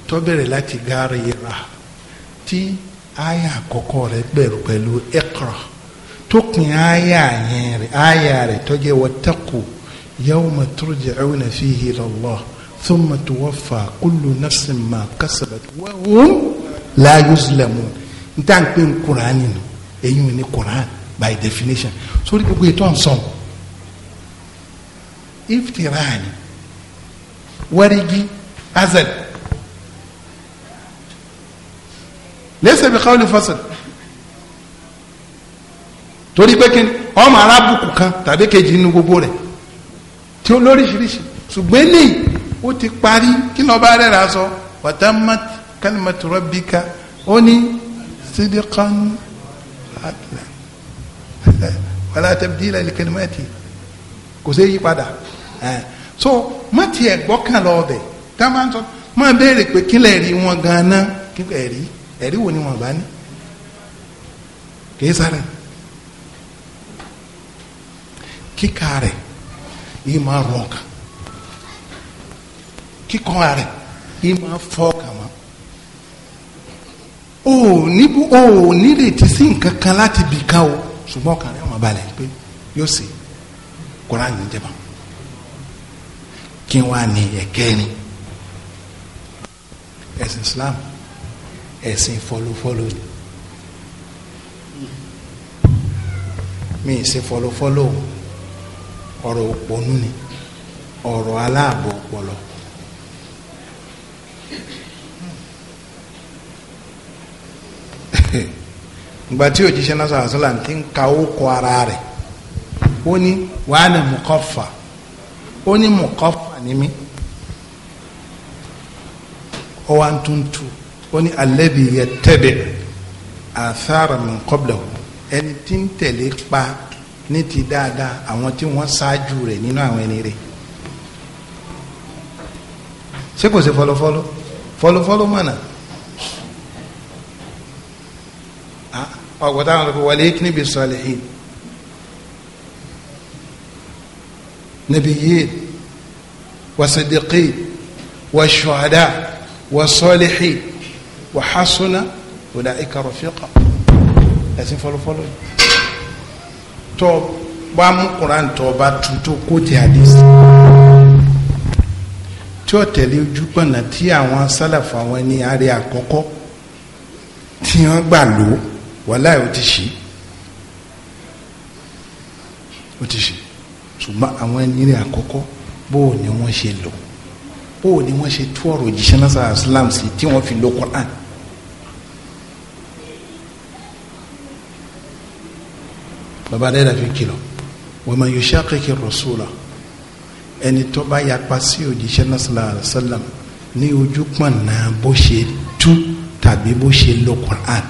tó bẹ̀rẹ̀ láti gáàrí yẹra tí aya àkọ́kọ́ rẹ̀ bẹ̀rù pẹ̀lú iqra tókùn aya yẹn rẹ̀ aya rẹ̀ tó jẹ́ wattaqu yawma turja'una fihi ilallah thumma tuwaffa kullu nafsin ma kasabat wa hum la yuzlamun n ta n pe n kuran nínú èyí mi ni kuran by definition sórí gbogbo ètò ọ̀sán iftiraani wẹ́rẹ́gí azad. lẹ́sẹ̀ bí káwọn lè fọsẹ̀ torí pé kí ọmọ arábùkù kan tàbí kejì nínú gbogbo rẹ̀ tí ó lóríṣiríṣi ṣùgbọ́n eléyìí ó ti parí kí lọ́ba rẹ̀ rà sọ wàtámàt kalimatu rabbika ó ní sidikan wàlá tabdila li kalimati kò sí yípadà so má tiẹ̀ gbọ́kànlọ́ ọbẹ̀ tá a máa ń sọ máa béèrè pé kí lè rí wọn gan kí lè rí ẹ̀rí wo ni wọ́n bá ní kìí sára kíkà rẹ̀ yìí máa rún ọkàn kíkọ́ rẹ̀ yìí máa fọ́ ọkàn mọ́ o níbu o nírètí sí nǹkan kan láti bì kan o ṣùgbọ́n ọkàn rẹ̀ wọ́n balẹ̀ pé yóò ṣe Kùránì ní jẹba kí wọ́n á ní ẹ̀kẹ́rin ẹ̀sìn Islam. ẹ̀sìn fọlọ́fọlọ́ ni mi ì ṣe fọlọ́fọlọ́ ọ̀rọ̀ òpònú ni ọ̀rọ̀ aláàbọ̀ ọpọlọ. ìgbà tí òjíṣẹ́ náà sọ̀rọ̀ sọ́la ti ka ara rẹ̀ ó ní wàá ní mùkọ́fà ó ní mùkọ́fà ní mí ó wá ń tún wọ́n ní alladhi yattabi athara min qablahu ẹni tí ń tẹ̀lé pa ní ti dáadáa àwọn tí wọ́n ṣáájú rẹ̀ nínú àwọn ẹni rẹ̀ ṣé kò sí fọlọfọlọ fọlọfọlọ mọ̀nà ah, ọ̀gbọ̀n táwọn ọ̀gbọ̀n wọlé kí níbi salihin nabiyyin wa siddiqin wa shuhada wa hasuna ulaika rafiqa ẹ̀sìn fọlọ́fọlọ́ tọ́ bá mú Quran tọ́ bá tu kó ti hadith tí ó tẹ̀lé ojú pọ̀nà tí àwọn sálàfà wọn ní àárẹ̀ àkọ́kọ́ tí wọ́n gbà lò wàláì ó ti ṣe ó ti ṣe ṣùgbọ́n àwọn ẹni rẹ̀ àkọ́kọ́ bó o ní wọ́n ṣe lò bó ni wọ́n ṣe tú ọ̀rọ̀ òjíṣẹ́ náà sàrà islam sí tí wọ́n fi lo Quran. baba adéda fi kìlọ̀ wa man yushaqiqi rasula ẹni tó bá yapa sí òjíṣẹ́ náà sàrà islam ní ojú pọ̀n náà bó ṣe tú tàbí bó ṣe lo Quran.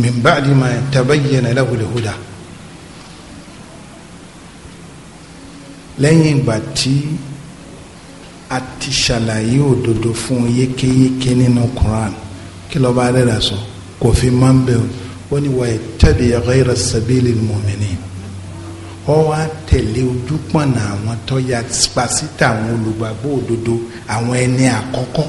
min ba'di ma tabayyana lahu al-huda. lẹ́yìn ìgbà tí a ti ṣàlàyé òdodo fún yékéyéké nínú Quran kí ló bá rẹ̀ rà sọ kò fi máa ń bẹ̀ ó ní wàá tẹ̀bi ghayra sabilil mu'minin ọ wá tẹ̀lé ojú pọ̀nà àwọn tó ya pàṣítà àwọn olùgbàgbọ́ òdodo àwọn ẹni àkọ́kọ́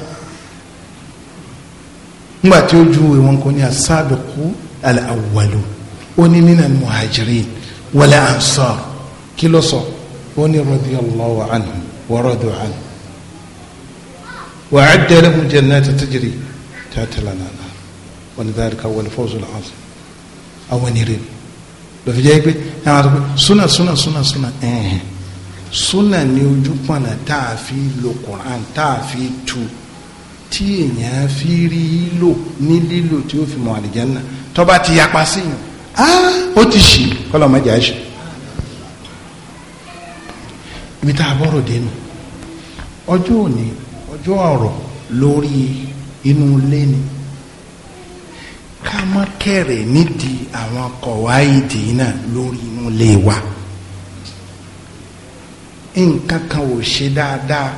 nígbà tí ó ju ìwọn kò ní asábẹ̀kú al-awwalu ó ní minal muhajirin wal ansar kí ló sọ ó ní radiyallahu anhu wa radu anhu. وأعد لهم جنات تجري تحت الأنهار وذلك هو الفوز العظيم àwọn ẹni rere lọ́fi jẹ́ pé àwọn àti pé súnà súnà súnà súnà ẹ̀hìn súnà ní ojú pọ̀nà tá a fi lo Quran tá fi tu tí èèyàn fi rí lò ní lílò tí ó fi mọ àlìjẹ́nà tọ́ba ti yapa sí yàn ó ti ṣì kọ́lọ́ mọ́jà ṣe. ibi tá a bọ́rọ̀ dé nù ọjọ́ yanjú ọ̀rọ̀ lórí inú ilé ni ká má kẹ̀rẹ̀ nídìí àwọn kọ̀wáìdì náà lórí inú ilé wa nǹkan kan ò ṣe dáadáa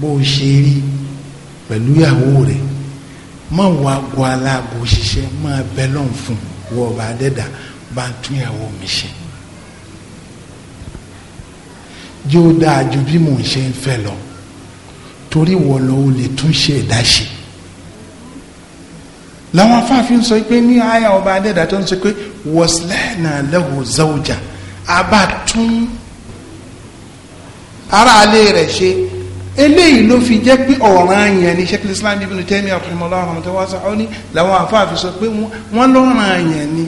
bó o ṣe rí pẹ̀lú ìyàwó rẹ̀ má wá gbọ́ aláàgọ́ ṣiṣẹ́ má bẹ́ lọ́n fún wọ ọba adẹ́dà bá tún ìyàwó mi ṣe jẹ́ dáa ju bí mò ń ṣe ń fẹ́ lọ torí wọlọ o lè tún ṣe ẹ̀dá ṣe làwọn afáàfin sọ pé ní àyà ọba adẹ́dà tó ń sọ pé wọ́sílẹ̀nà lẹ́wọ̀ zọ́ọ̀jà àbá tún ara alẹ́ rẹ̀ ṣe eléyìí ló fi jẹ́ pé ọ̀ràn yẹn ni sheikh islam ibn taymi rahimahullah rahmatulahi wa ni làwọn afáàfin sọ pé wọ́n lọ́ràn yẹn ni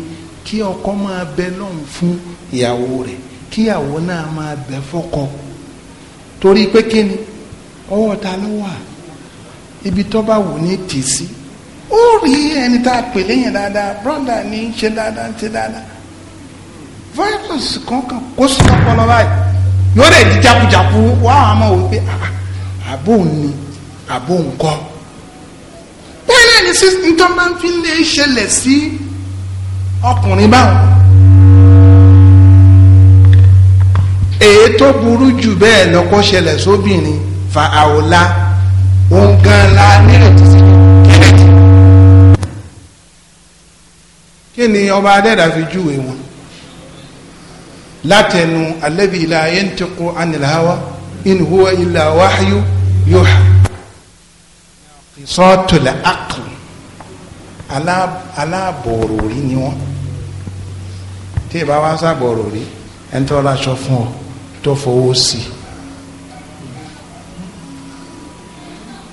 kí ọkọ máa bẹ lọ́hùn fún ìyàwó rẹ̀ kíyàwó náà máa bẹ fọ́kọ torí pé kí ọwọ́ ta ló wà ibi tó bá wù ní tì sí ó rí ẹni tá a pè léyìn dáadáa brọ́dà ní í ṣe dáadáa ń ṣe dáadáa virus kankan kó sí ọpọlọ báyìí yóò rẹ̀ di jakujaku wá àwọn ọmọ wò pé ah, ah, àbò ni àbò nǹkan bẹ́ẹ̀ náà ni nítorí máa ń fi lè ṣẹlẹ̀ sí ọkùnrin báwọn. èyí tó burú jù bẹ́ẹ̀ lọ́kọ́ ṣẹlẹ̀ sóbìnrin. So fa àwòlá òun gan la nírètí sí kírètí kí ni ọba adẹ́dà fi júwe wọn látẹnu alladhi la yantiqu anil hawa in huwa illa wahyu yuha sọ́ọ̀tùl aql aláàbọ̀rò rí ni wọ́n tí ìbá wa sábọ̀rò rí ẹni tó ra fún ọ tó fowó sí i.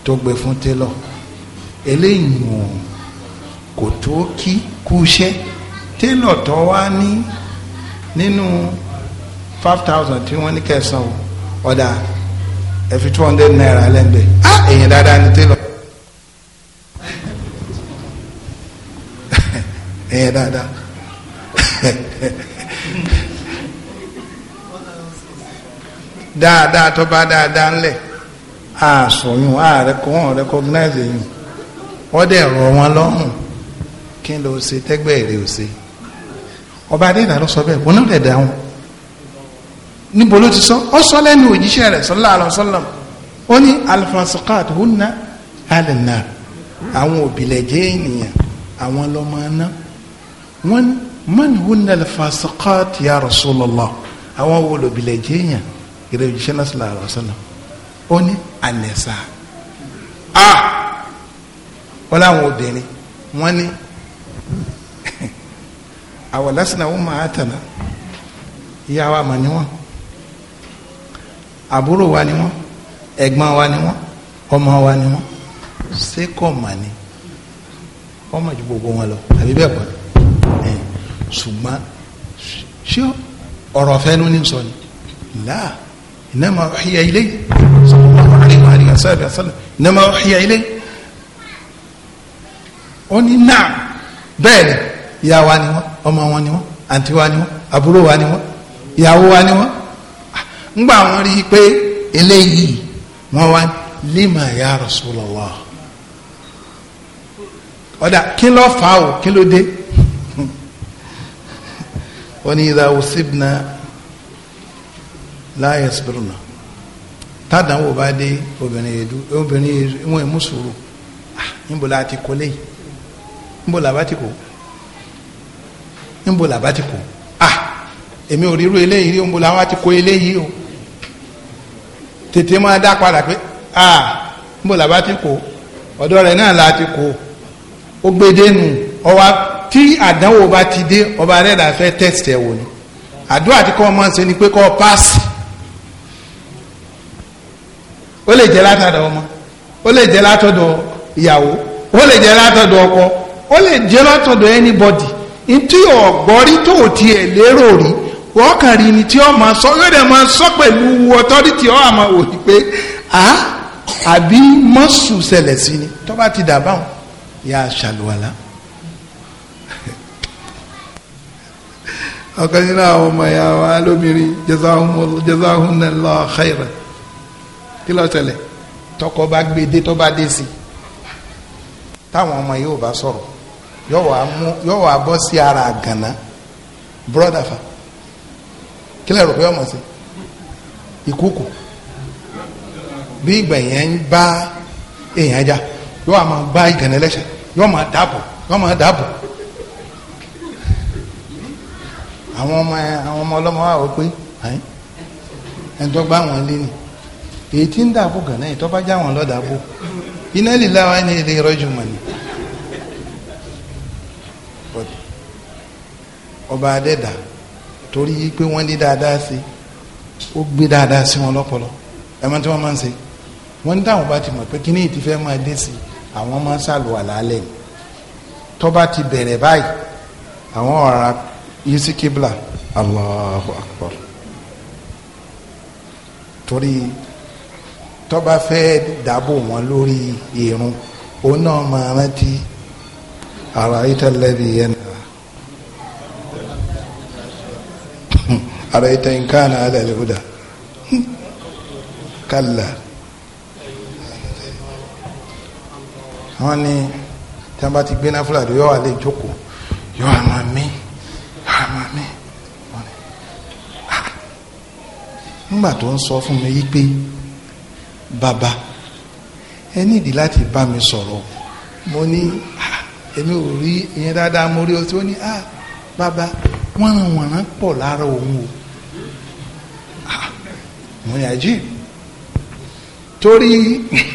tó gbé fún télọ̀ eléyìí ò kò tó kí kú iṣẹ́ tó wá ní nínú five thousand tí wọ́n ní kẹsàn án ọ̀dà ẹ fi two hundred naira lẹ́gbẹ̀ẹ́ ah èyàn dáadáa ni télọ̀ èyàn dáadáa dáadáa tó bá dáadáa ńlẹ̀ àsọyún àrẹkọ wọn recognize yìí wọ́n dẹ̀ rọ wọn lọ́rùn kí ló ṣe tẹ́gbẹ́ èrè ò ṣe ọba adéda ló sọ bẹ́ẹ̀ wọnú rẹ̀ dáhùn níbo ló ti sọ ọ sọ lẹ́nu òjíṣẹ́ rẹ̀ sallallahu alaihi wasallam ó ní alifasqat hunna alẹ́nà àwọn òbílẹ̀jẹ́ ènìyàn àwọn lọ́mọ aná wọ́n man hunna alifasqat ya rasulallah àwọn wo lòbílẹ̀jẹ́ èèyàn èrè òjíṣẹ́ náà sallallahu alaihi ó ní ànẹ̀sà a ah! wọ́n láwọn obìnrin wọ́n ní àwọn lásìnà wọn máa tẹ̀lé ìyá wa mà ní wọn àbúrò wa ni wọn ẹ̀gbọ́n wa ni wọn ọmọ wa ni wọn ṣé kò mà ní ọmọ ju gbogbo wọn lọ àbí bẹ́ẹ̀ kọ́ ṣùgbọ́n ṣé ọ̀rọ̀ fẹ́nu ní sọ ni láà ìnáma ọ̀hìyà ilé sahbihi wa sallam innama uhiya ilay ó ní náà bẹ́ẹ̀ ni ìyá wa ni wọ́n ọmọ wọn ni wọ́n àǹtí wa ni àbúrò wa ni ni rí i pé eléyìí wọn wá lima ya Rasulullah ọ̀dà kí ló fà ó kí ló dé wọn ni tádàwọ̀ bá dé obìnrin yẹdu obìnrin yẹdu wọn ẹ̀ mú sùúrù ah, níbo la ti kó léyìí níbo la bá ti kó níbo la bá ti kó ah èmi ò ríru eléyìí rí níbo la wá ti kó eléyìí o tètè máa dá padà pé ah níbo la bá ti kó ọ̀dọ́ rẹ̀ náà la ti kó ó gbé dénú ọwọ́ tí àdánwò bá ti dé ọba rẹ̀ la fẹ́ tẹ̀sítẹ̀ wò ni àdúrà tí kò máa ń ṣe ni pé kò paasi ó lè jẹ́ látọ̀dọ̀ ọmọ ó lè jẹ́ látọ̀dọ̀ ìyàwó ó lè jẹ́ látọ̀dọ̀ ọkọ ó lè jẹ́ látọ̀dọ̀ anybody ntí ọ̀gbọ́rí tó o tiẹ̀ lérò rí wọ́n kàn rí ni tí ó máa sọ yóò dẹ̀ máa sọ pẹ̀lú authority ọ̀ àmọ́ wò ni pé a àbí mọ́sù ṣẹlẹ̀ sí ni tó bá ti dà báwọn yà á ṣàlùwàlá. ọ̀kan nínú àwọn ọmọ ìyá wa lóbìnrin jazahumullahu khairan kí ló ṣẹlẹ̀ tọkọ bá gbé dé tó bá dé sí táwọn ọmọ yìí ò bá sọ̀rọ̀ yóò wá bọ́ sí ara àgànná brọ́dà fa kí lè rò pé ọmọ sí ìkúkù bí ìgbà yẹn ń bá èèyàn já yóò máa bá ìgànnà ẹlẹ́ṣẹ̀ yóò máa dàbọ̀ yóò máa dàbọ̀ àwọn ọmọ àwọn wa wọ pé ẹni tó gbá wọn lé ni èyí tí ń dàbò gànà yìí tó bá jáwọn lọ́dàbò iná lílá wa ní ilé ìrọ́jú mọ̀ ni. ọba adẹ́dà torí pé wọ́n ní dáadáa sí ó gbé dáadáa sí wọn lọ́pọlọ ẹ̀mọ́ tí wọ́n máa ń ṣe wọ́n ní táwọn bá ti mọ̀ pé kíní ìtìfẹ́ máa dé sí àwọn máa ń ṣàlùwà lálẹ́ ni tọ́ba ti bẹ̀rẹ̀ báyìí àwọn ọ̀rá yìí sí kíbla Allahu Akbar torí tó bá fẹ́ dáàbò wọn lórí irun òun náà máa rántí ara ìtàn lẹ́bi yẹn nà ara ìtàn nǹkan náà lẹ́bi kúdà kálá wọ́n ní tí wọ́n bá ti gbé náfúlà dé yóò wà lè jókòó yóò wà máa mí yóò wà máa mí wọ́n ah. tó ń sọ fún mi yí pé bàbá ẹ nídìí láti bá mi sọ̀rọ̀ mo ní ah, èmi ò rí ìyẹn dáadáa mo rí o tí ó ní ah bàbá wọ́nranwọ̀nran pọ̀ lára òun o ah, mo ní àjí torí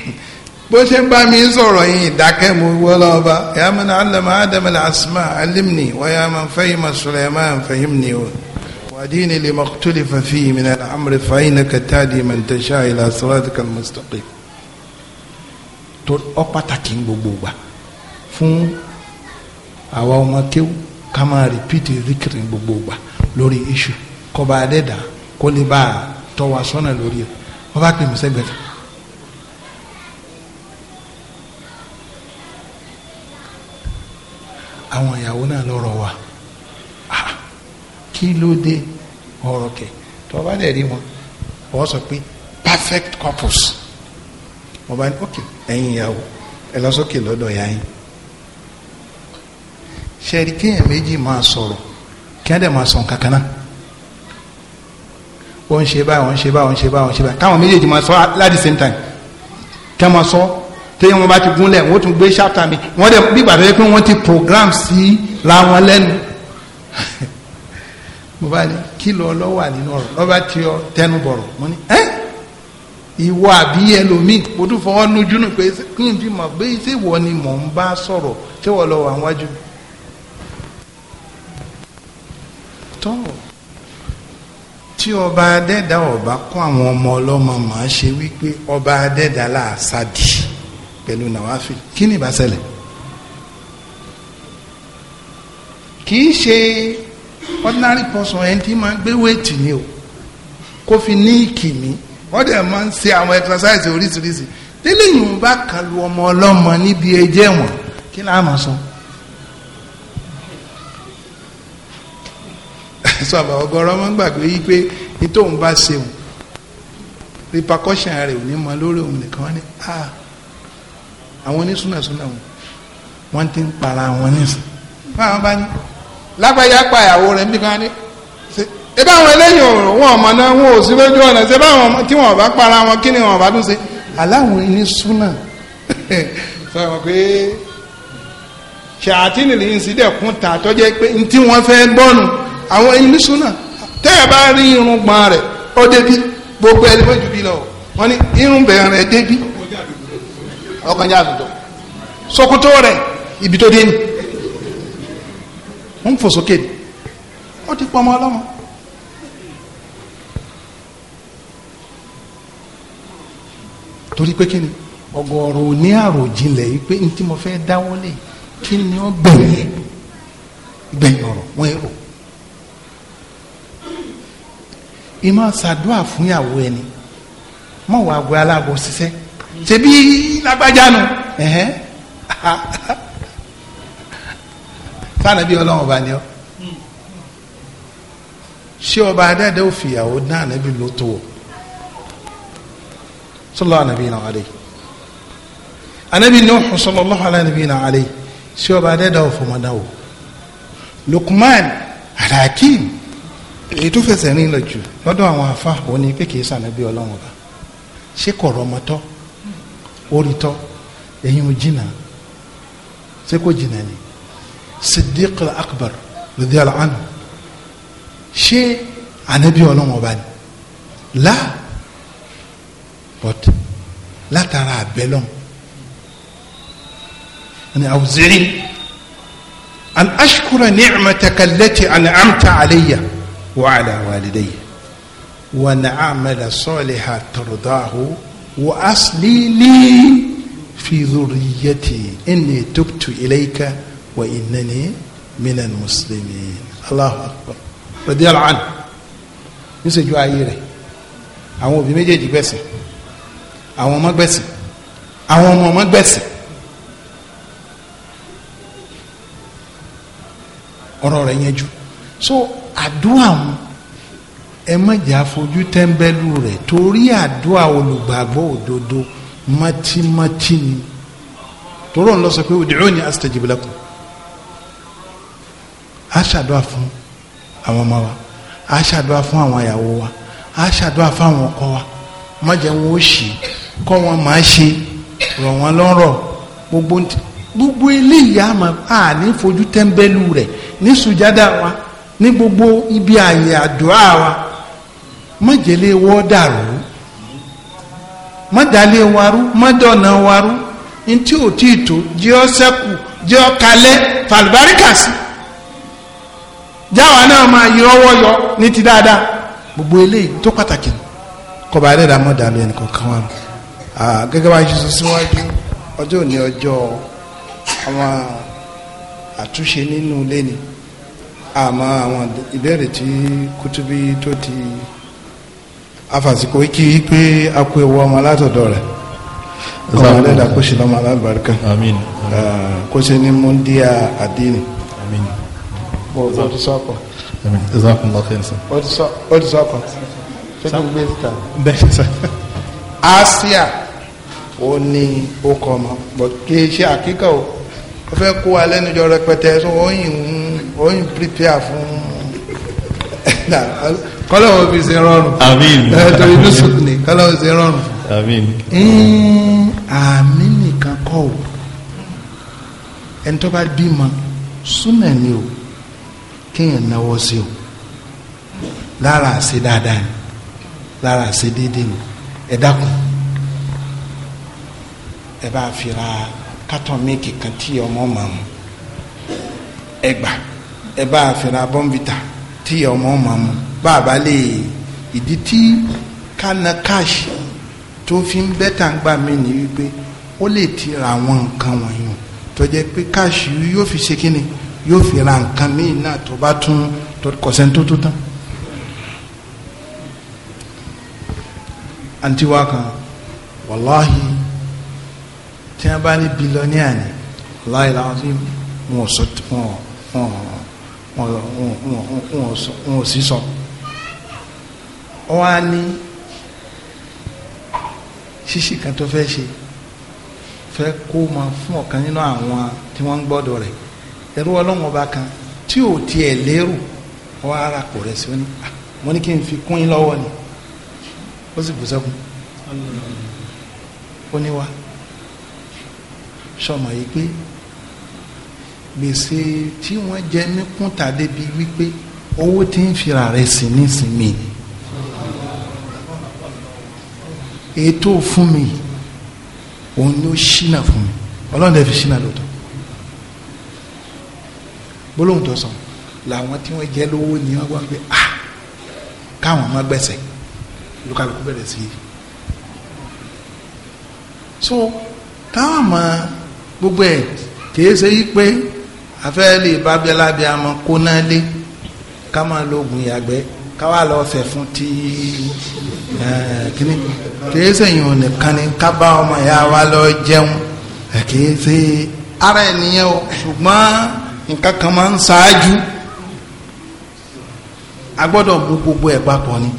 bó ṣe ń bá mi sọ̀rọ̀ yìí ìdákẹ́ mo wọ́ lọ́wọ́ bá ya man allama adama al asma alimni wa ya man fahima sulaiman fahimni o. وأديني لما اختلف فيه من الأمر فإنك تهدي من تشاء إلى صراطك المستقيم ó pàtàkì gbogbo gbà fún àwa ọmọ kéwù ká máa rìpíìtì zikiri gbogbo gbà lórí iṣu kọba adẹ́dà kó lè bá a tọ́ wa sọ́nà lórí ẹ̀ wọ́n bá pè mí sẹ́gbẹ̀ẹ́ àwọn ìyàwó náà lọ́rọ̀ wa kí ló dé ọ̀rọ̀ kẹ̀ tó o bá dẹ̀ rí wọn wọ́n sọ pé perfect couples wọ́n bá ní ok ẹ̀yin ìyàwó ẹ lọ sókè lọ́dọ̀ ìyá yín ṣẹ́ẹ̀rí kéèyàn méjì máa sọ̀rọ̀ kí wọ́n dẹ̀ máa sọ̀n kankan náà ó ń ṣe báyìí ó ń ṣe báyìí ó ń ṣe báyìí ó ń ṣe báyìí káwọn méjèèjì máa sọ at the same time kí wọ́n máa sọ téyàn wọn bá ti gúnlẹ̀ wọ́n tún gbé chapter mi wọ́n dẹ̀ bí ìgbà yẹ pé wọ́n ti program sí ra wọn lẹ́nu mo bá ní kí lọ lọ wà nínú ọ̀rọ̀ lọba tí ọ tẹnu bọrọ mo ní ẹ ìwọ àbí ẹlòmíì mo tún fọwọ́ lójú nù pé kí n fi mọ̀ pé ṣé ìwọ ni mò ń bá sọ̀rọ̀ ṣé wọ́n lọ wà wájú. tọ́ tí ọba adẹ́dà ọba kó àwọn ọmọ ọlọ́mọ màá ṣe wípé ọba adẹ́dà làásàdì pẹ̀lú nàwáfì kí ni ìbá kì í ṣe ordinary person ẹni tí máa ń gbé wéètì ni o kó fi ní ìkìmí wọ́n dẹ̀ máa ń ṣe àwọn exercise oríṣiríṣi délé yìí bá kan lu ọmọ ọlọ́mọ níbi ẹjẹ́ wọn kí láà máa sọ. sọ àbà ọgọrọ máa ń gbàgbé yí pé ní tóun bá ṣeun repercussion rẹ ò ní mọ lórí òun nìkan wọn ni ah àwọn onísúnàsúnà wọn ti ń para wọn nísìn. báwọn bá ní lágbájá pa ìyàwó rẹ̀ níbi kan ní. ṣé báwọn eléyìí wọn ọmọ náà wọn ò sí lójú ọ̀nà ṣé báwọn tí wọn bá para wọn kí ni wọn bá tún ṣe aláwọn ẹni súnà sọ wọn pé ṣàtìní lè ń sí dẹ̀kun tà tọ́jẹ́ pé ntí wọ́n fẹ́ gbọ́nu àwọn ẹni súnà tẹ́ ẹ bá rí irun gbọ́n rẹ̀ ó débi gbogbo ẹni méjì bí lọ wọn ni irun bẹ̀rẹ̀ rẹ̀ débi ọkàn jáde tó ṣòkòtò rẹ̀ ibi tó dé ni. wọ́n ń fò sókè ni ó ti pọmọ torí pé kí ni ní àròjinlẹ̀ yìí pé ní tí mo fẹ́ dáwọ́lé kí ni ó gbẹ̀yìn gbẹ̀yìn ọ̀rọ̀ wọ́n èrò ìmọ̀ ṣàdúrà fún ìyàwó ẹni sànàbí ọlọ́run ọba ni ọ ṣé ọba adáadáa ò fìyàwó náà nàbí ló tó o sọlọ ànàbí náà àlè ànàbí Nuhu sọlọ lọ́wọ́ ànàbí náà àlè ṣé ọba adáadáa ò fọmọdá o Lukman alakim èyí tó fẹsẹ̀ rìn lọ jù lọ́dọ̀ àwọn afa òní pé kì í sànàbí ọlọ́run ọba ṣé kọ̀rọ̀ ọmọ orí tọ́ ẹ̀yin ò jìnnà ṣé kò jìnnà ni. صديق الأكبر رضي الله عنه شيء عن أبي ولا مبان لا بوت لا ترى بلوم أنا يعني أوزعي أن أشكر نعمتك التي أنعمت علي وعلى والدي وأن أعمل صالحا ترضاه وأصلي لي في ذريتي إني تبت إليك wa innani minal muslimin Allahu akbar radiyallahu anhu níṣẹ́jú ayé rẹ̀ àwọn òbí méjèèjì gbẹ̀sìn àwọn ọmọ gbẹ̀sìn àwọn ọmọ ọmọ gbẹ̀sìn ọ̀rọ̀ rẹ̀ yẹn jù so àdúrà wọn ẹ má jà fojú tẹ́ńbẹ́lú rẹ̀ torí àdúrà olùgbàgbọ́ òdodo mátímátí ni torí òun lọ sọ pé ud'uni astajib lakum a ṣàdúrà fún àwọn ọmọ wa a ṣàdúrà fún àwọn ìyàwó wa a ṣàdúrà fún àwọn ọkọ wa má jẹ́ wọn ó ṣe kọ́ wọn máa ṣe rọ̀ wọ́n lọ́rọ̀ gbogbo gbogbo eléyìí àmọ́ a ní fojú tẹ́ńbẹ́lú rẹ̀ ní sùjádà wa ní gbogbo ibi àyè àdúrà wa má jẹ́lé wọ́ dàrú má dàlé warú má dọ̀nà warú ntí ò tí ì tó jẹ́ ọ sẹ́kù jẹ́ ọ kalẹ́ fàlùbáríkà sí i jáwa náà máa yọ ọwọ́ yọ ní ti dáadáa gbogbo eléyìí tó pàtàkì kọba ẹlẹ́dàá mọ̀ dàbí ẹnì kọ̀ọ̀kan wa gẹ́gẹ́ bá a síwájú ọjọ́ òní ọjọ́ àwọn àtúnṣe nínú ilé ni àmọ́ àwọn ìbéèrè tí kútúbí tó ti afàsìkò kí pé a kó ewu ọmọ látọ̀dọ̀ rẹ̀ kọba ẹlẹ́dàá kó ṣe lọ́mọ alábàárikà kó ṣe ní múndíà àdínì ó ti sọ ọkọ. jazakumullahu khairan sir. ó ti sọ ọkọ ṣé kí n gbé síta. bẹ́ẹ̀ sẹ́. asia ó ní ó kọ́ ọmọ bọ̀ kí n ṣe àkíkà o ó fẹ́ kó wa lẹ́nujọ rẹpẹtẹ so ó yìn ó yìn prepare fún kọ́lọ́ wo fi ṣe rọrùn. àmín. ẹ torí yusuf ni kọ́lọ́ wo ṣe rọrùn. àmín. àmín nìkan kọ́ o ẹni tó bá bímọ súnà ni o kéèyàn náwó sí o lára àṣẹ dáadáa ni lára àṣẹ déédéé ni ẹ dákun ẹ bá fi ra kátọ̀ míìkì kan tí ọmọ mọ̀ mu ẹ gbà ẹ bá fi ra bọ́ǹbìtà tí ọmọ mọ̀ mu bàbá lè ìdí tí kánà káàṣì tó fi ń bẹ́tà ń gbà mí ni wípé ó lè ti ra àwọn nǹkan wọ̀nyí tó jẹ́ pé káàṣì yóò fi ṣe kí ni yóò fi ra nǹkan míì náà tó bá tún kọ̀sẹ̀ tó tó tán. àǹtí wa kan wàláhì tí wọ́n bá ní bílíọ̀nìà ni láì láwọn tí wọ́n sọ wọ́n ò sí sọ. wọ́n á ní ṣíṣì kan tó fẹ́ ṣe fẹ́ kó máa fún ọ̀kan nínú àwọn tí wọ́n ń gbọ́dọ̀ rẹ̀ ẹrú ọlọ́run ọba kan tí ò tiẹ̀ lérò wọ́n ara kò rẹ̀ sí ọ́nà mo ní kí n fi kún yín lọ́wọ́ ni ó sì bù sẹ́kùn ó ní wa sọmọ yìí pé gbèsè tí wọ́n jẹ mí kún tàdé bíi wípé owó tí ń fira rẹ̀ sí nísìnyí ètò fún mi òun ló ṣínà fún mi ọlọ́run lè fi ṣínà lóòótọ́ gbólóhùn tó sọ làwọn tí wọ́n jẹ́ lówó ni wọ́n wọ́n gbé ah káwọn má gbẹ̀sẹ̀ lukaku bẹ̀rẹ̀ sí i so káwọn mọ gbogbo ẹ̀ kìí ṣe yí pé afẹ́ lè bá bíalábíà mọ kó náà lé ká máa lo oògùn ìyàgbẹ́ káwá lọ fẹ̀ fún ti kíní kìí ṣe yìí ò nìkan ni ká bá ọmọ ìyá wa lọ jẹun kìí ṣe ara ẹ̀ nìyẹn o ṣùgbọ́n nǹkan kan máa ń ṣáájú a gbọ́dọ̀ mú gbogbo ẹ̀ papọ̀ ni.